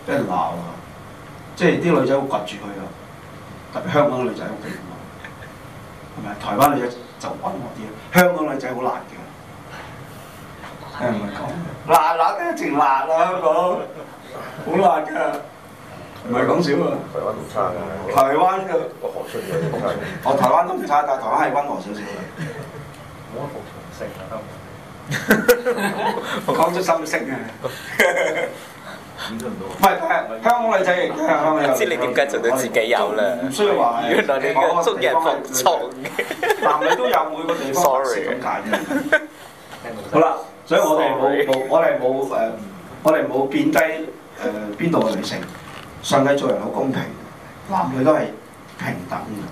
S1: 俾人鬧啊！即係啲女仔會掘住佢㗎，特別香，香港女仔好勁啊，係咪啊？台灣女仔就溫和啲，香港女仔好辣嘅。聽唔聽講？辣辣得一陣辣啊！香港好 辣㗎，唔係講笑啊！台灣唔差㗎。台灣嘅我學出我台灣都唔差，但係台灣係溫和少少。冇乜服從性。講 出心聲啊！唔出唔到。唔係，香港女仔型唔知你點解做到自己有咧？唔需要話原來你講 男女都有每個地方。Sorry。咁解嘅。 好啦，所以我哋冇冇，我哋冇誒，我哋冇貶低誒邊度嘅女性。上帝做人好公平，男女都係平等嘅。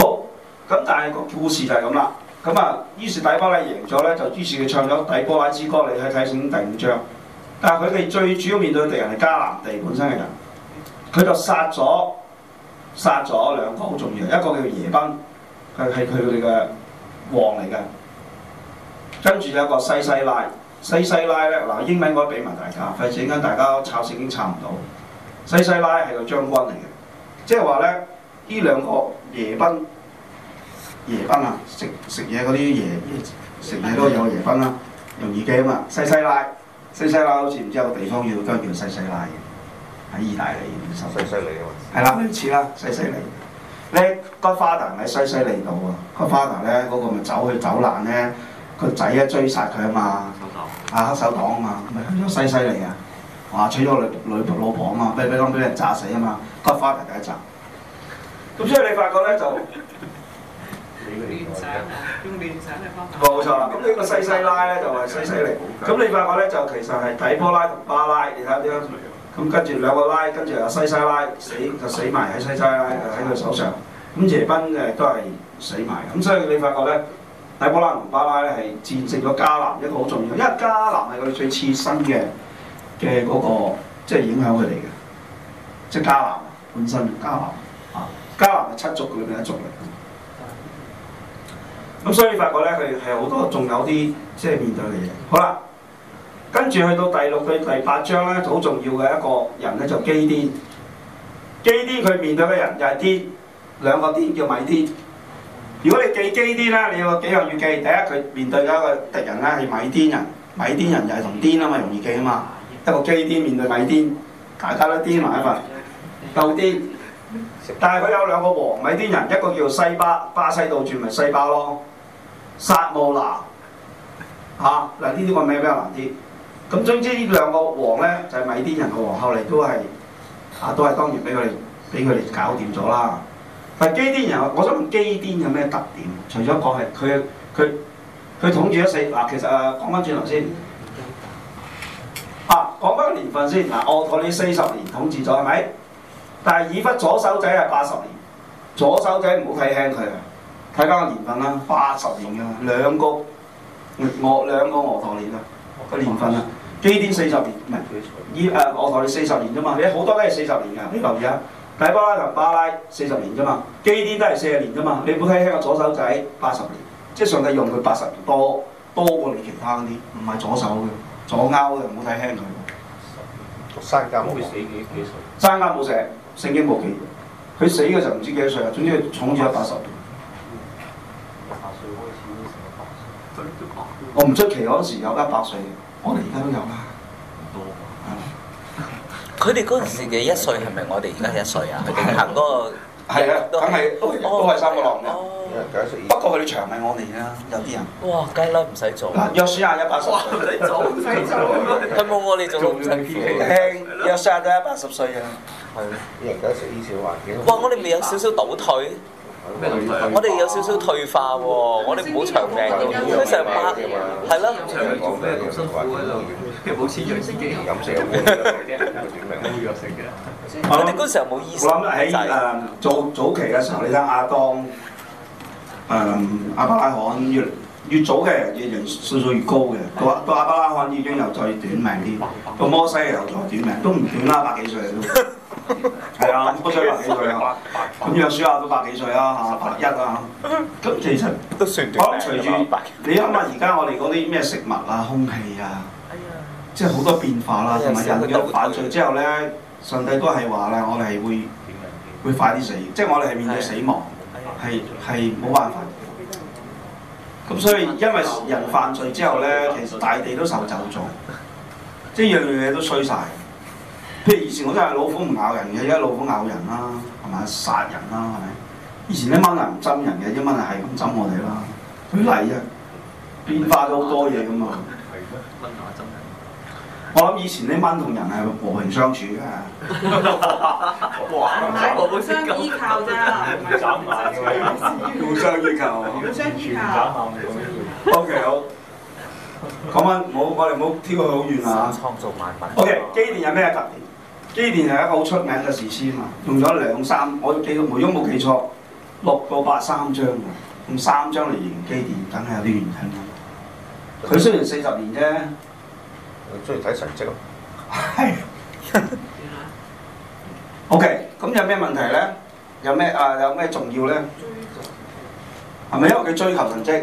S1: 好，咁但係個故事就係咁啦。咁啊，於是底波拉贏咗咧，就於是佢唱咗底波拉之歌，你去睇聖經第五章。但係佢哋最主要面對嘅敵人係迦南地本身嘅人，佢就殺咗殺咗兩個好重要，一個叫做耶賓，佢係佢哋嘅王嚟嘅。跟住有個西西拉，西西拉咧嗱，英文應該俾埋大家，費事而家大家抄字已經抄唔到。西西拉係個將軍嚟嘅，即係話咧呢兩個耶賓。夜班啊，食食嘢嗰啲夜夜食嘢都有夜班啦，用耳機啊嘛，西西拉，西西拉好似唔知有個地方要叫叫西西拉嘅，喺意大利，西西里啊嘛。係啦，類似啦，西西里。你個 Godfather 喺西西里度啊，Godfather 呢那個 Godfather 咧嗰個咪走去走難咧，個仔一追殺佢啊嘛，黑手黨啊，黑手黨啊嘛，咪去咗西西里啊，哇，娶咗女女婆老婆啊嘛，俾俾俾人炸死啊嘛，個 Godfather 第一集。咁所以你發覺咧就～亂用亂上嚟幫忙。冇錯啦，咁、嗯、呢、哦那個西西拉咧就係西西尼。咁、嗯、你發覺咧就其實係底波拉同巴拉，你睇下點樣。咁、這個、跟住兩個拉，跟住阿西西拉死就死埋喺西西拉喺佢手上。咁、那個、耶賓嘅都係死埋。咁所以你發覺咧，底波拉同巴拉咧係戰勝咗迦南一個好重要，因為迦南係佢哋最切身嘅嘅嗰個，即、就、係、是、影響佢哋嘅，即係迦南本身迦南啊，迦南係七族裏邊一族嚟。咁所以發覺呢，佢係好多仲有啲即係面對嘅嘢。好啦，跟住去到第六到第八章咧，好重要嘅一個人咧就是、基甸。基甸，佢面對嘅人就係甸，兩個甸叫米甸。如果你記基甸啦，你有幾樣要記？第一，佢面對嘅一個敵人咧係米甸人，米甸人就係同甸啊嘛，容易記啊嘛。一個基甸，面對米甸，大家都甸埋一份夠甸。但係佢有兩個王米甸人，一個叫西巴，巴西倒轉咪西巴咯。殺穆拿嚇嗱呢啲個名比較難啲，咁總之呢兩個王咧就係、是、米甸人個王，後嚟都係啊都係當然俾佢哋俾佢哋搞掂咗啦。但係基甸人，我想問基甸有咩特點？除咗講係佢佢佢統治咗四嗱、啊，其實啊講翻轉頭先啊講翻、啊、年份先嗱，惡陀利四十年統治咗係咪？但係以弗左手仔係八十年，左手仔唔好睇輕佢啊！睇翻個年份啦，八十年嘅兩個俄兩個俄陀聶啊個年份啊，基甸四十年唔係以誒俄陀聶四十年啫嘛，你好多都係四十年嘅，你留意下。底波拉同巴拉四十年啫嘛，基甸都係四十年啫嘛。你冇睇輕個左手仔八十年，即係上帝用佢八十多多過你其他嗰啲，唔係左手嘅左勾嘅，唔好睇輕佢。生㗋、嗯、會死幾生㗚冇食，聖經冇記，佢死嘅時候唔知幾多歲啊，總之係長住一百十年。我唔出奇嗰陣時有一百歲，我哋而家都有啦。多啊！佢哋嗰陣時嘅一歲係咪我哋而家一歲啊？行嗰個係啊，梗係都都係三個浪嘅。不過佢哋長咪我哋啦，有啲人。哇！梗係唔使做。嗱，約書亞一八十。唔使做，唔使做。佢冇我哋做。仲年輕，約書亞都一百十歲嘅。係老人家屬於小環境。哇！我哋未有少少倒退。我哋有少少退化喎，我哋唔好長命嘅，嗰、就是、 時候百，係咯。長命做咩？做辛苦喺度，跟住冇先弱先勁嘅。弱性我哋嗰時候冇意思。我諗喺誒早早期嘅時候，你睇下阿當，誒亞伯拉罕越越早嘅嘢，人歲數，數越高嘅，到到亞伯拉罕已經又再短命啲，個摩西又再短命，都唔短啦，百幾歲 係啊，我都想問幾歲啊？咁楊叔下都百幾歲啊，吓十，啊，百一啊。咁其實都算，咁隨住你諗下，而家我哋嗰啲咩食物啊、空氣啊，哎、呀即係好多變化啦，同埋、哎、呀人嘅犯罪之後咧，上帝都係話啦，我哋會會快啲死，即係我哋係面對死亡，係係冇辦法。咁、哎、呀所以因為人犯罪之後咧，其實大地都受詛咒，即係樣樣嘢都衰晒。譬如以前我都係老虎唔咬人嘅，而家老虎咬人啦，係咪殺人啦？係咪？以前啲蚊啊唔針人嘅，啲蚊啊係咁針我哋啦。係一，變化咗好多嘢咁啊。係咯，蚊咬針人。我諗以前啲蚊同人係和平相處嘅。哇！和平相依靠啫。斬眼嘅。互相依靠。互相依靠。斬眼 O K 好。講返，冇我哋冇挑過好遠啊。嚇。創造萬物。O K 基甸有咩特別？基甸係一個好出名嘅士師嘛，用咗兩三，我記得記得冇記錯，六到八三章嘅，用三章嚟營基甸，真係有啲原因。
S2: 佢雖
S1: 然四十年啫，中意睇成績啊。O K，咁有咩問題呢？有咩啊？有咩重要呢？係咪因為佢追求成績？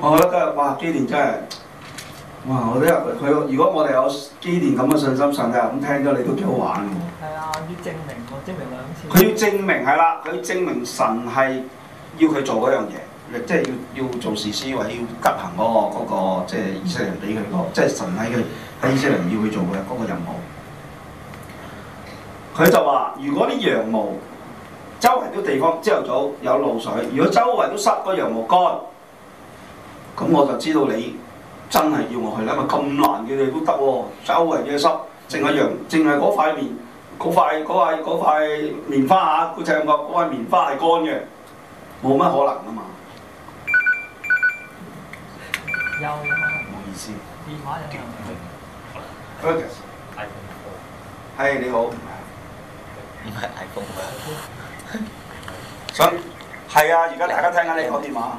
S1: 我覺得今日哇，基甸真係哇！我覺得佢如果我哋有基甸咁嘅信心，神，都咁聽咗你都幾好玩嘅、嗯、係啊，要證明，證明兩次。佢要證明係啦，佢、啊、要證明神係要佢做嗰樣嘢，即係要要做事先話要執行嗰個即係、嗰個、以色列人俾佢個，即係神喺佢喺以色列人要佢做嘅嗰個任務。佢就話：如果啲羊毛周圍啲地方朝頭早有露水，如果周圍都濕，個羊毛乾。咁我就知道你真係要我去啦嘛！咁難嘅嘢都得喎，周圍嘅濕，淨係一樣，淨係嗰塊面，嗰塊嗰塊嗰塊棉花嚇，好似咁講，嗰塊棉花係乾嘅，冇乜可能啊嘛！有冇、啊、意思？電話有人。Berger，係 Okay.、哎、你好。唔係 iPhone 咩？想係 啊！而家大家聽下你講電話。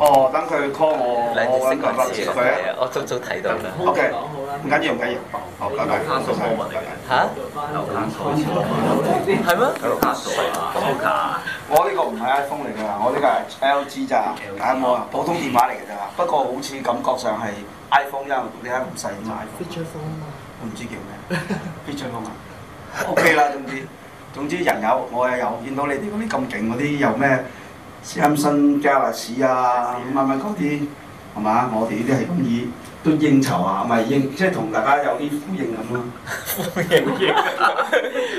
S1: 哦，等佢 call 我，我揾個方式佢我一早睇到啦。O K，唔緊要，唔緊要，好、oh，拜 拜楽。嚇、啊？係咩？我 呢楽、 哦啊、個唔係 iPhone 嚟㗎，我、oh，呢個係 L G 咋，但係冇啊，普通電話嚟咋。不過好似感覺上係 iPhone 一，你睇咁細咁矮。我唔知叫咩。o 啊？O K 啦，總之總之人有，我又有，見到你啲嗰啲咁勁嗰啲，有咩？Samsung、Galaxy 啊，慢慢講啲係嘛？我哋呢啲係咁意，都應酬下咪應，即係同大家有啲呼應咁咯。呼應？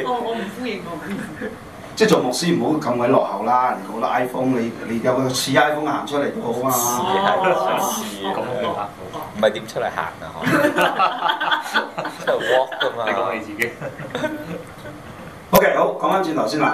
S1: 我我唔呼應喎。即係做牧師唔好咁鬼落後啦！你講拉風，你你有個似 iPhone 行出嚟都好啊。試係，試啊！咁好唔好？唔係點出嚟行啊？喎，即係 walk 㗎嘛？你講你自己。OK，好，講翻轉頭先啦。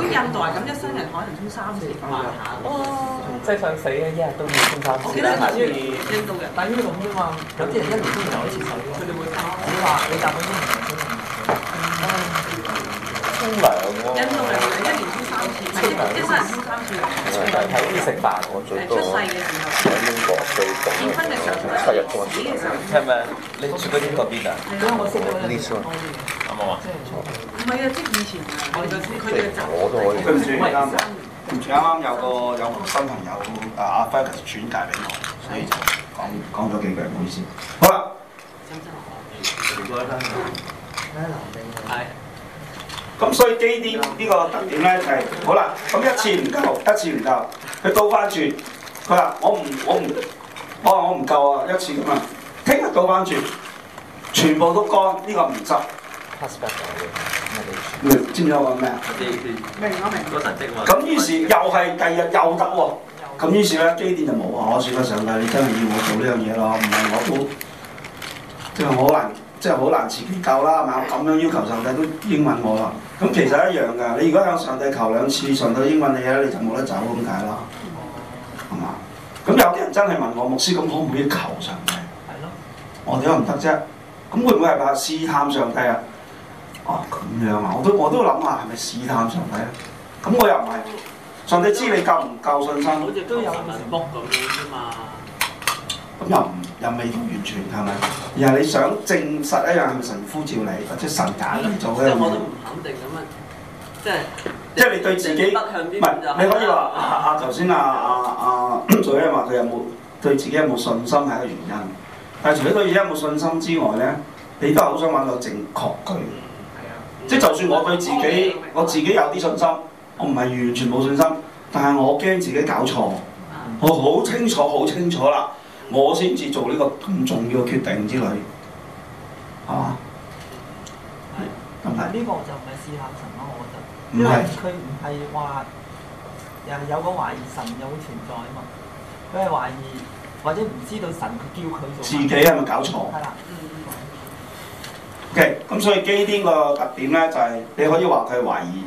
S1: 好印度人咁，一生人可能沖三次嘛哦，即真係想死啊，一日都要沖三次，係咪先？印度人，但係咁啫嘛，咁即係一年都要有一次洗。佢哋會洗。你話你搭過邊年？沖涼啊嘛！印度人一年沖三次，一生人沖三次。沖涼睇啲食飯我最多。英國最多。結婚嘅時候。係咪你住過英國邊度？我，你住。啱唔啱啊？係啊，即係以前啊，我哋嗰時佢哋就，對唔住，啱啱有個有個新朋友，啊阿輝轉介俾我，所以講講咗幾句，唔好意思。好啦，咁所以機啲、這個、呢個特點咧就係，好啦，咁一次唔夠，一次唔夠，佢倒翻轉，佢話我唔我唔我話我唔夠啊，一次啊嘛，聽日倒翻轉，全部都乾，呢、這個唔執。你知唔知我話咩啊？咁、啊啊啊啊、於是又係第日又得喎、啊，咁、啊、於是咧基甸就冇啊！我算啦上帝，你真係要我做呢樣嘢咯，唔係我好即係好難，即係好難自己救啦，係咪啊？咁樣要求上帝都應允我啦。咁其實一樣㗎，你如果向上帝求兩次，上帝應允你咧，你就冇得走咁解啦，係嘛？咁有啲人真係問我牧師咁可唔可以求上帝？係咯的，我點解唔得啫？咁會唔會係話試探上帝啊？咁樣啊，我都我都諗下，係咪試探上帝啊。咁我又唔係，上帝知你夠唔夠信心。我哋都有問卜咁樣啫嘛，咁又唔又未完全係咪？而係你想證實一樣神呼召你或者神揀你做一樣嘢。即我都唔肯定咁啊！即係即係你對自己唔係你可以話啊啊頭先啊啊啊徐偉人話佢有冇對自己有冇信心係一個原因，但係除咗對自己有冇信心之外咧，你都係好想揾到正確嘅。即就算我對自己，我自己有啲信心，我唔係完全冇信心，但係我驚自己搞錯，我好清楚好清楚啦，我先至做呢個咁重要嘅決定之類，係、啊、嘛？係唔係？呢個我就唔係試下神咯、啊，我覺得，因為佢唔係話又係有個懷疑神有存在啊嘛，佢係懷疑或者唔知道神佢叫佢做自己係咪搞錯？O.K.，咁所以基甸個特點咧，就係、是、你可以話佢係懷疑，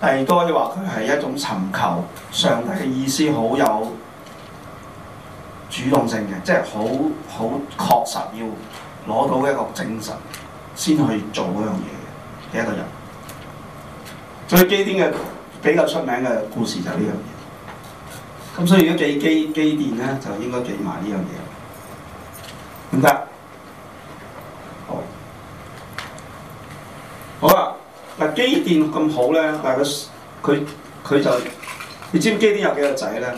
S1: 但係都可以話佢係一種尋求上帝嘅意思，好有主動性嘅，即係好好確實要攞到一個證實先去做嗰樣嘢嘅一個人。所以基甸嘅比較出名嘅故事就係呢樣嘢。咁所以如果記記記基甸咧，就應該記埋呢樣嘢。點解？基甸咁好咧，但係佢佢佢就，你知唔知基甸有幾個仔咧？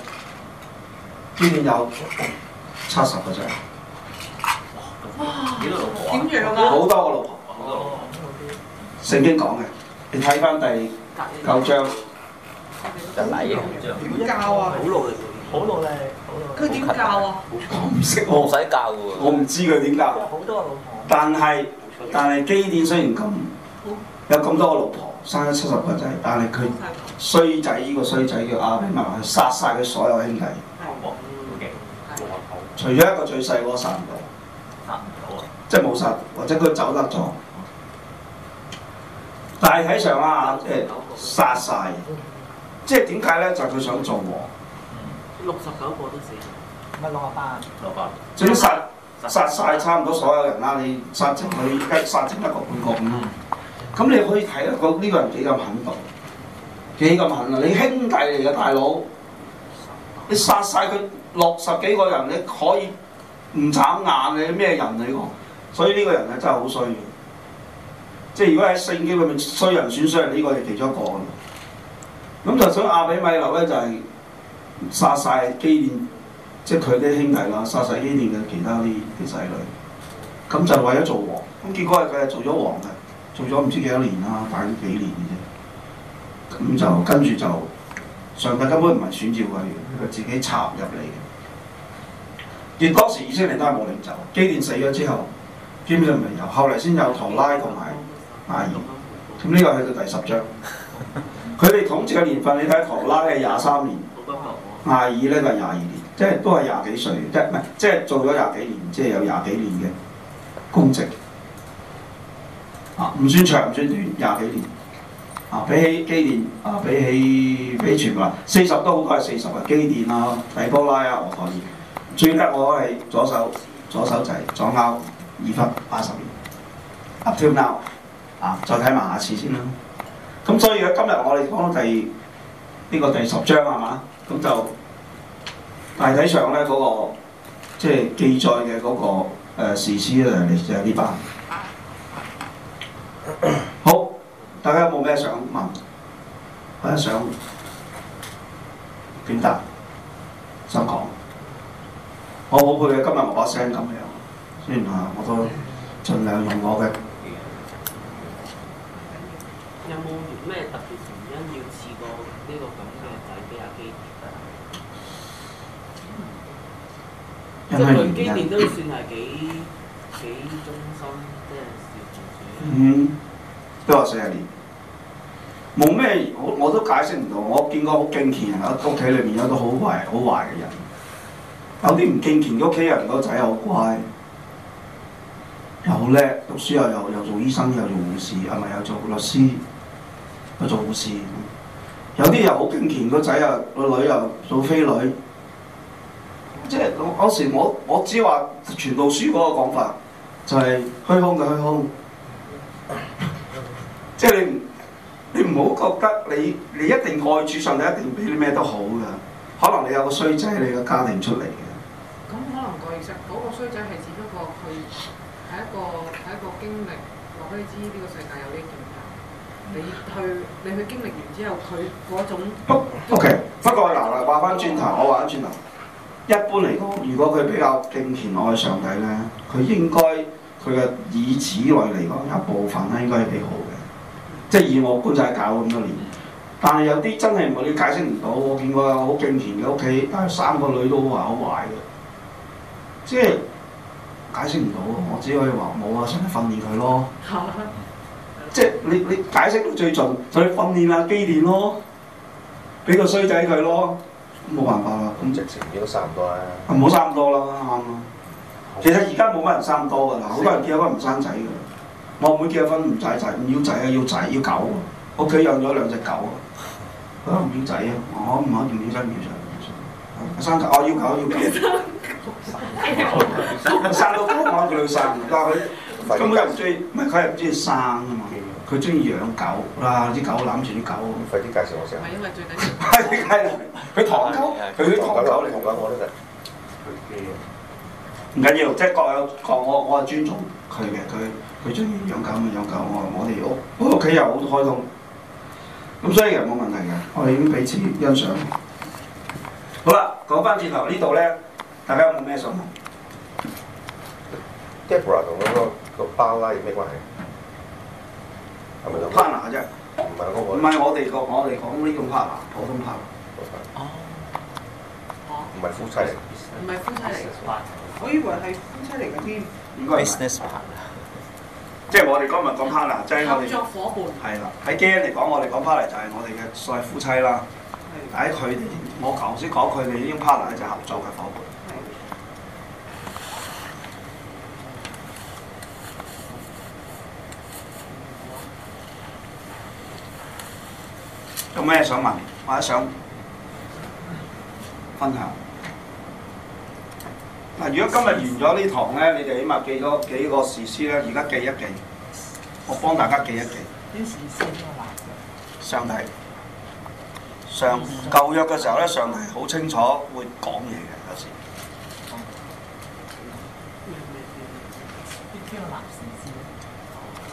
S1: 基甸有七十個仔，哇！幾多老婆啊？點樣噶？好多個老婆。聖經講嘅，你睇翻第九章嘅禮啊！點教啊？好落嚟，好落嚟，佢點教啊？我唔識，我唔使教喎，我唔知佢點教。好多個老婆。但係，但係基甸雖然咁。有咁多老婆生咗七十個仔，但係佢衰仔呢個衰仔叫阿比米勒殺晒佢所有兄弟，除咗一個最細個殺唔到，殺唔到啊！即係冇殺，或者佢走得咗。但係喺上啊、呃，即係殺晒，即係點解咧？就係、是、佢想做王。六十九個都死，咪六十八啊，六八殺？整殺殺晒差唔多所有人啦，你殺剩佢，嗯、殺剩一個半、嗯、個咁、嗯嗯咁你可以睇咧，個、這、呢個人幾咁狠毒，幾咁狠啊！你兄弟嚟嘅大佬，你殺晒佢六十幾個人，你可以唔眨眼你咩人嚟嘅？所以呢個人係真係好衰嘅，即係如果喺聖經裏面衰人損傷，呢、這個係其中一個。咁就想以亞比米勒咧就係殺晒基甸，即係佢啲兄弟啦，殺晒基甸嘅其他啲啲仔女。咁就為咗做王，咁結果係佢係做咗王嘅。做咗唔知幾多年啦，反正幾年嘅啫。咁就跟住就上帝根本唔係選召佢，佢自己插入嚟嘅。而當時以色列都係冇領袖，基甸死咗之後，基本上未有，後嚟先有陀拉同埋艾爾。咁呢個去到第十章，佢哋統治嘅年份，你睇陀拉嘅廿三年，艾爾呢就係廿二年，即係都係廿幾歲，一唔係即係做咗廿幾年，即係有廿幾年嘅功績。唔算長唔算短，廿幾年。啊，比起基甸啊，比起比全部四十都好過係四十,四十啊！基甸啊，底波拉呀、啊，我可以。最叻我係左手，左手就係、是、左勾二分八十年。Up till now，啊，再睇埋下次先啦。咁、啊、所以咧，今日我哋講到第呢個第十章係嘛？咁就大體上咧嗰個即係記載嘅嗰個誒史詩咧，就係呢班。呃好，大家有冇咩想問？或者想表達？想講？我好配嘅，今日我把聲咁樣，雖然話我都儘量用我嘅。有冇咩特別原因要試過呢個咁嘅仔俾阿基？即係
S2: 佢基都算係幾幾
S1: 忠心，即係少嗯。都話四十年，冇咩我我都解釋唔到。我見過好敬虔嘅屋企裏面有個好壞好壞嘅人，有啲唔敬虔嘅屋企人，個仔好乖，又好叻，讀書又又又做醫生又做護士，係咪又做律師，又做護士？有啲又好敬虔，個仔又個女又做飛女，即係有時我我只話傳道書嗰個講法，就係虛空嘅虛空。即係你，唔好覺得你你一定愛主上帝，你一定俾你咩都好嘅。可能你有個衰仔，你嘅家庭出嚟嘅。咁可能佢，其實嗰個衰仔係只不過佢係一個係一個經歷，話俾你知呢個世界有啲點解你去你去經歷完之後，佢嗰種。O K，不過嗱，話翻轉頭，我話翻轉頭，一般嚟講，如果佢比較敬虔愛上帝呢，佢應該佢嘅以子為嚟講有一部分咧，應該係幾好嘅。即係以我觀仔搞咁多年，但係有啲真係唔係你解釋唔到，我見過有好敬虔嘅屋企，但係三個女都話好壞嘅，即係解釋唔到，我只可以話冇啊，想訓練佢咯。即係你你解釋到最盡，就訓練下機電咯，俾個衰仔佢咯，冇辦法啦。咁、嗯、直情幾都生唔多啊？唔好生咁多啦，啱咯，其實而家冇乜人生多㗎啦，好多人結咗婚唔生仔㗎。我唔會結婚，唔仔仔，唔要仔啊，要仔要狗。屋企養咗兩隻狗。啊，唔要仔啊！我唔可以唔要仔，唔要仔。生仔我要狗，要狗。生到狗，我叫佢生，但係佢根本又唔中意，唔係佢又唔中意生啊嘛。佢中意養狗啦，啲狗攬住啲狗。快啲介紹我先。下。係因為最緊要係係，佢唐狗，佢啲唐狗嚟，唐狗我都得。唔緊要，即係各有各，我我係尊重佢嘅，佢。佢中意養狗咪養狗，我我哋屋屋企又好開通，咁所以又冇問題嘅。我哋已經彼此欣賞。好啦，講翻轉頭呢度咧，大家有冇咩想？Deborah 同嗰個包啦有咩關係？係咪做 partner 啫？唔係我，唔係我哋個，我哋講呢種 partner，普通 partner。哦，唔係夫妻嚟。唔係夫妻嚟。我以為係夫妻嚟嘅添。Business partner. 即係我哋今日講 partner，即係我哋合作伙伴係啦。喺基因嚟講，我哋講 partner 就係我哋嘅所謂夫妻啦。喺佢的，哋，我頭先講佢哋已經 partner，就係合作嘅伙伴。的有咩想問或者想分享？如果今日完咗呢堂咧，你哋起碼記多幾個士師咧，而家記一記，我幫大家記一記。啲士師上帝，上舊約嘅時候咧，上帝好清楚會講嘢嘅有時。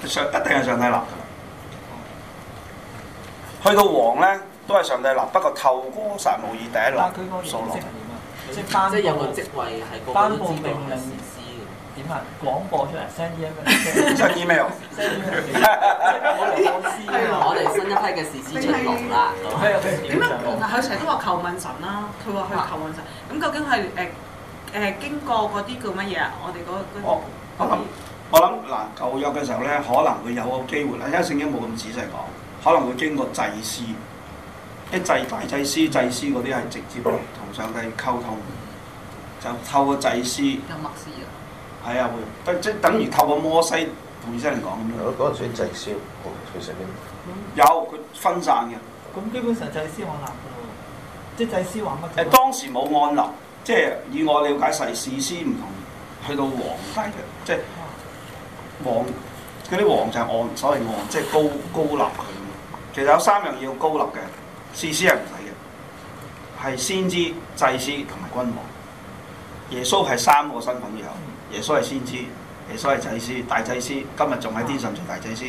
S1: 上，一定係上帝立嘅。去到王咧，都係上帝立，不過透過撒母耳第一立，掃羅。即係有個職位係個發布命令嘅師嘅，點啊？廣播出嚟 send email，send email，我哋新一批嘅士師出爐啦。點啊？佢成日都話求問神啦，佢話去求問神。咁究竟係誒誒經過嗰啲叫乜嘢啊？我哋嗰嗰我諗我諗，嗱舊約嘅時候咧，可能會有個機會啦，因為聖經冇咁仔細講，可能會經過祭司。一祭大祭司、祭司嗰啲係直接同上帝溝通，就透過祭司。有牧師啊？係即係等於透過摩西同以色列人嚟講咁樣。嗰個先祭司，其實嘅。有佢分散嘅。咁、嗯、基本上祭司按立㗎，即係祭司話乜？誒，當時冇按立，即係以我了解誓事，事，先唔同去到皇帝嘅，即係王嗰啲王就係按所謂按即係高高立佢其實有三樣要高立嘅。師師係唔使嘅，係先知祭司同埋君王。耶穌係三個身份嘅，耶穌係先知，耶穌係祭司，大祭司。今日仲喺天上做大祭司。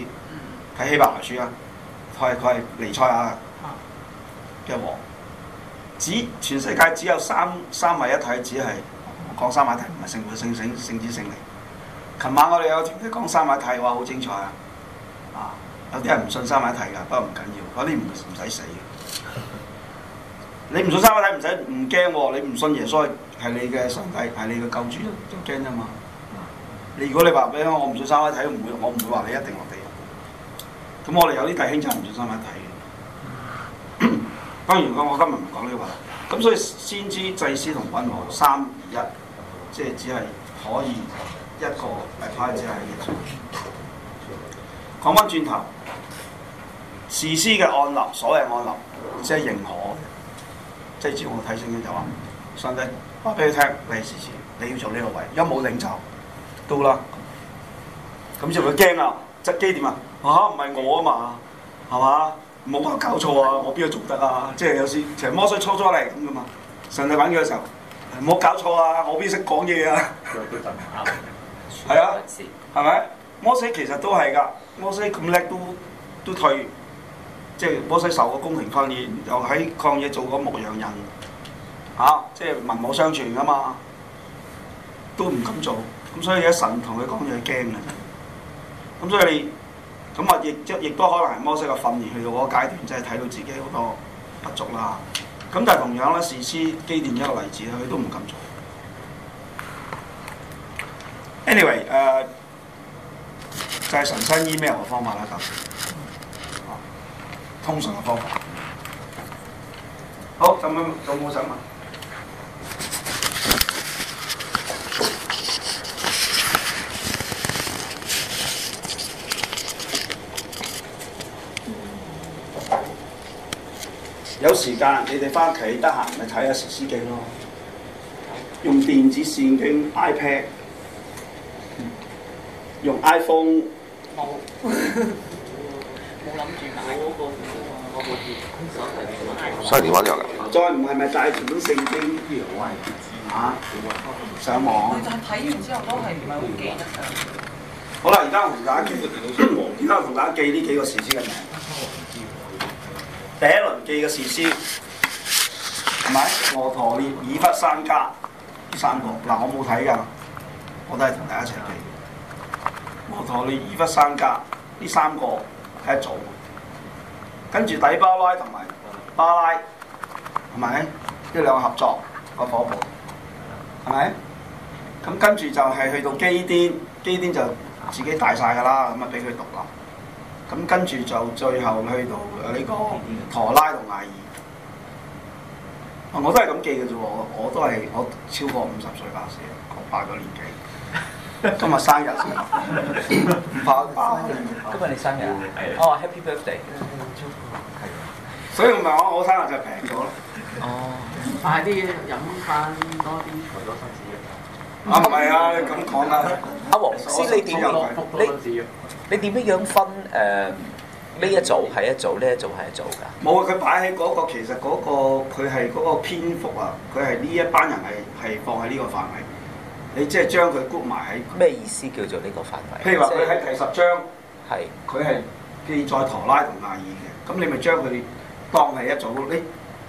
S1: 睇希伯來書啦，佢係佢係彌賽亞嘅王。只全世界只有三三位一體只，只係講三位一體，唔係聖母聖聖聖子聖靈。琴晚我哋有啲講三位一體嘅話，好精彩啊！啊，有啲人唔信三位一體噶，不過唔緊要，要，嗰啲唔唔使死嘅。你唔信三位一體，唔使唔驚喎，你唔信耶穌係你嘅神仔，係你嘅救主，就驚啫嘛。你如果你話俾我，我唔信三位一體，唔會，我唔會話你一定落地。咁我哋有啲弟兄就唔信三位一體。 當然，我我今日唔講呢句話。咁所以先知、祭司同君王三而一，即係只係可以一個，係只係講翻轉頭，事師嘅按立，所謂按立即係認可。即係朝我提醒，升就話，上帝話俾你聽，喂，事事你要做呢個位，一冇領袖，到啦。咁就會驚啦，質基點啊？嚇，唔係我啊嘛，係嘛？唔好話搞錯啊，我邊度做得啊？即係有時成摩西初初嚟咁噶嘛，上帝揾佢嘅時候，唔好搞錯啊，我邊識講嘢啊？係 啊，係咪？摩西其實都係噶，摩西咁叻都都退。即係摩西受過宮廷訓練，又喺曠野做過牧羊人，嚇、啊，即係文武雙全啊嘛，都唔敢做，咁所以而神同佢講嘢驚啊，咁所以咁啊，亦即亦都可能係摩西嘅訓練去到嗰個階段，即係睇到自己好多不足啦。咁但係同樣咧，士師基甸一個例子咧，佢都唔敢做。Anyway，誒、呃、就係、是、神新 email 嘅方法啦，咁。通常嘅方法。好，咁樣仲有冇想問？有時間你哋翻屋企得閒咪睇下士師記咯，用電子線鏡 iPad，用 iPhone 好。 冇諗住攞嗰個啊，嗰個鐵公手係咪攞住？所以電話都有㗎。再唔係咪帶全聖經？嚇、啊！上網。你就係睇完之後都係唔係好記得，好啦，而家同大家記，而家同大家記呢幾個士師嘅名。第一輪記嘅士師，係咪？俄陀聶、以笏、珊迦呢三個。嗱、啊，我冇睇㗎，我都係同大家一齊記。俄陀聶、以笏、珊迦呢三個。一組，跟住底波拉同埋巴拉，係咪？呢兩個合作個夥伴，係咪？咁跟住就係去到基甸，基甸就自己大晒㗎啦，咁啊俾佢獨立。咁跟住就最後去到呢個、呃、陀拉同艾爾，我都係咁記嘅啫喎，我都係我超過五十歲八時，我係年紀。今日生日，唔怕。怕今日你生日，哦、oh，Happy Birthday。 所以唔係我我生日就平咗咯。哦、oh, 啊，快啲飲翻多啲除咗分啊，唔係啊，你咁講啊。阿黃，先、 啊、你點樣？你你點樣分？誒，呢一組係一組，呢、嗯、一組係一組㗎。冇啊、嗯！佢擺喺嗰個，其實嗰、那個佢係嗰個篇幅啊，佢係呢一班人係係放喺呢個範圍。你即係將佢 group 埋喺咩意思叫做呢個範圍？譬如話佢喺第十章，係佢係記載陀拉同睚珥嘅，咁你咪將佢當係一組。你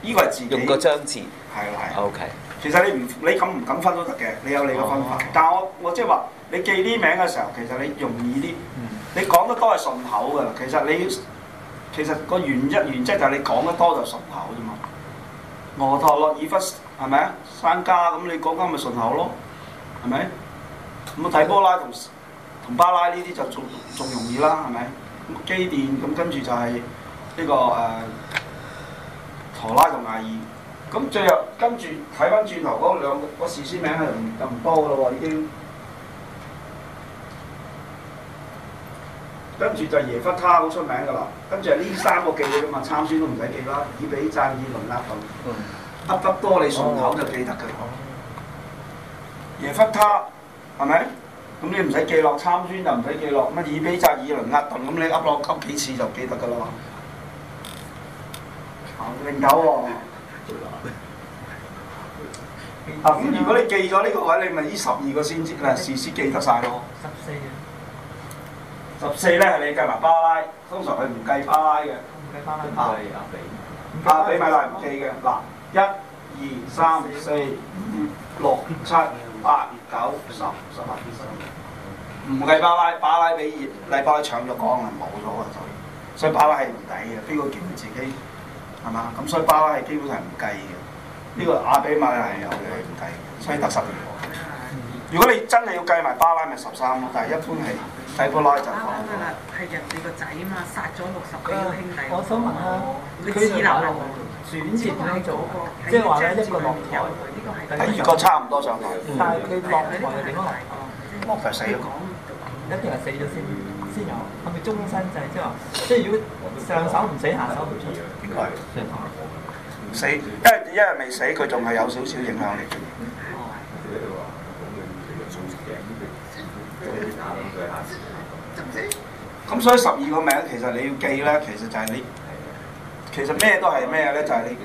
S1: 呢個係自己用個章詞，係啦的。O Okay . K，其實你唔你敢唔敢分都得嘅，你有你嘅分法。Oh. 但係我我即係話你記啲名嘅時候，其實你容易啲。Mm. 你講得多係順口㗎，其實你其實個原則原則就係你講得多就順口啫嘛。俄陀聶以笏，係咪啊？珊迦，咁你講緊咪順口咯。係咪？咁啊睇波拉同同巴拉呢啲就仲仲容易啦，係咪？基甸，咁跟住就係呢、這個誒陀、啊、拉同睚珥。咁最後跟住睇翻轉頭嗰兩個、那個士師名係唔咁多嘅咯喎，已經。跟住就耶弗他好出名㗎啦，跟住係呢三個參記嘅嘛，參孫都唔使記啦。以比讚以倫押頓，噏得多你順口就記得㗎。耶弗他係咪？咁你唔使記落參孫就唔使記落。乜以比讚以倫押頓，咁你噏落噏幾次就記得㗎啦嘛。零九喎。有啊咁！如果你記咗呢個位，你咪呢十二個先知啦，事先記得晒咯。十四的。十四咧，係你計埋巴拉，通常佢唔計巴拉嘅。唔計巴拉巴係啊？俾啊俾米大唔記嘅嗱，一二三四五六七。八九十十八點三，唔計 巴拉巴拉比葉，拉巴拉搶咗光啊，冇咗啊，所以巴拉係唔抵嘅，邊個叫佢自己係嘛？咁所以巴拉係基本上唔計嘅，呢、這個亞比馬係有嘅，唔計嘅，所以得十二個。嗯、如果你真係要計埋巴拉咪十三咯，但係一般係底波拉就。巴拉嘅係人哋個仔啊嘛，殺咗六十幾個兄弟，我想問下你知轉接去做嗰個，即係話咧一個落台，第二個差唔多上台，但係佢落台點啊？落台死，一定係死咗先，先有係咪終身制？即係話，即係如果上手唔死，下手唔出，點解？應該死，因為未死，佢仲係有少少影響力。咁所以十二個名其實你要記咧，其實就係你。其實咩都係咩咧，就係你笠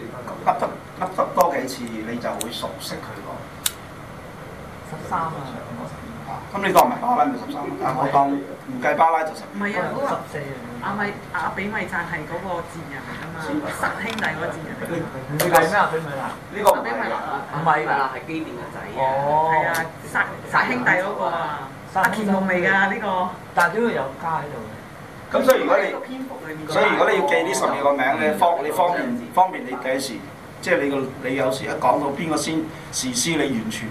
S1: 得笠得多幾次，你就會熟悉佢咯。十三啊，嚇！咁你當唔係巴拉咪十三？我當唔計巴拉就十，唔係啊。十四。阿米阿比米扎係嗰個賤人啊嘛，殺兄弟嗰個賤人。唔計咩阿比米呢個唔係阿米拿，係基甸個仔哦，係啊，殺殺兄弟嗰個啊。阿堅仲未㗎呢個？但係點都有加喺度。咁、嗯、所以如果你，所以如果你要記呢十二個名咧，方你、嗯、方便方便你第時，嗯、即係你個你有時一講到邊個先時先，時事你完全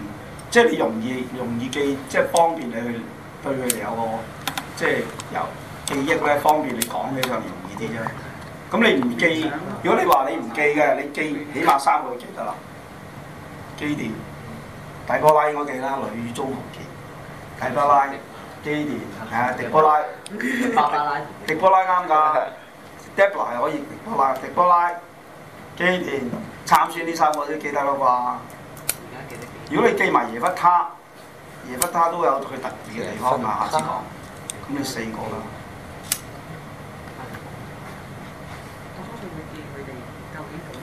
S1: 即係你容易容易記，即、就、係、是、方便你去對佢哋有個即係由記憶咧，方便你講起就容易啲啫。咁你唔記，如果你話你唔記嘅，你記起碼三個記得啦，基甸、大波拉應該記啦，女中豪傑、大波拉。基甸係啊，迪波拉，迪波拉啱㗎，Deborah 係可以迪波拉，迪波拉，基甸參選呢三個你記得啦啩？如果你記埋耶弗他。耶弗他都有佢特別嘅地方㗎，下次講。咁就四個啦。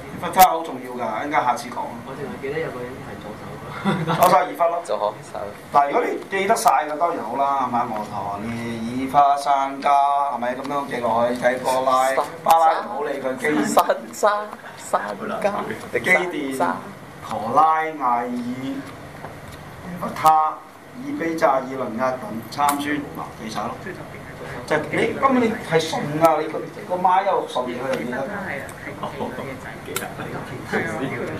S1: 耶弗他好重要㗎，依家下次講。我淨係記得有個人係左手。我就二分咯。就好，但如果你記得晒嘅當然好啦，係咪？茅台、二花山加，係咪咁樣記落去？雞哥拉、巴拉唔好理佢。基山沙山加、山基電、荷拉艾爾、阿他、以比扎、以倫亞、等參酸，嗱，記晒咯。就你，根本你係順噶，你個一買又順，佢就記得。嗱、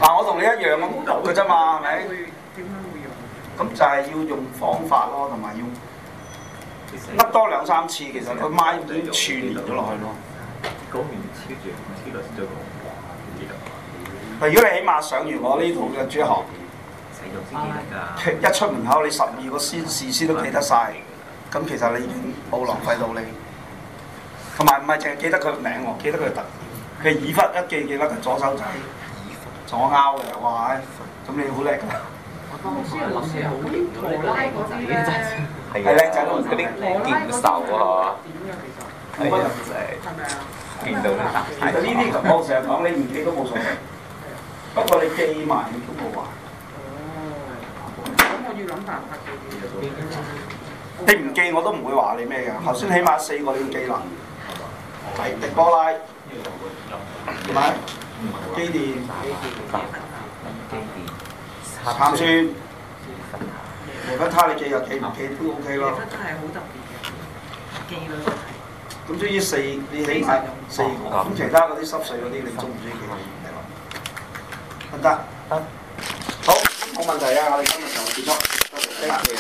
S1: 啊，我同你一樣咁舊嘅啫嘛，係咪、 啊？咁、嗯 嗯嗯、就係要用方法咯，同埋要噏多，多兩三次，其實個已經串連咗落去咯、 嗯。如果你起碼上完我呢套嘅主日學，一出門口你十二個先事先都記得晒。咁其實你已經冇浪費到你，同埋唔係淨係記得佢名喎，記得佢特點。佢耳忽一記，記得佢左手仔，左勾嘅，哇！咁你好叻㗎。我唔需要老師啊，我拉嗰陣真係係靚仔咯，嗰啲健手啊嚇。點㗎其實？係咪啊？見到啲特點。其實呢啲我成日講你唔記都冇所謂，不過你記埋都冇壞。哦。咁我要諗辦法。你唔記我都唔會話你咩㗎，頭先起碼四個你要記啦，係迪波拉，係咪？機電，機電，機電，碳酸，其他你記又記唔記都 OK 咯。其他係好特別嘅，記佢都係。咁中意四，你起碼四個，咁其他嗰啲濕碎嗰啲你中唔中意記？得唔得？得。好，冇問題啊，我哋今日就結束。的。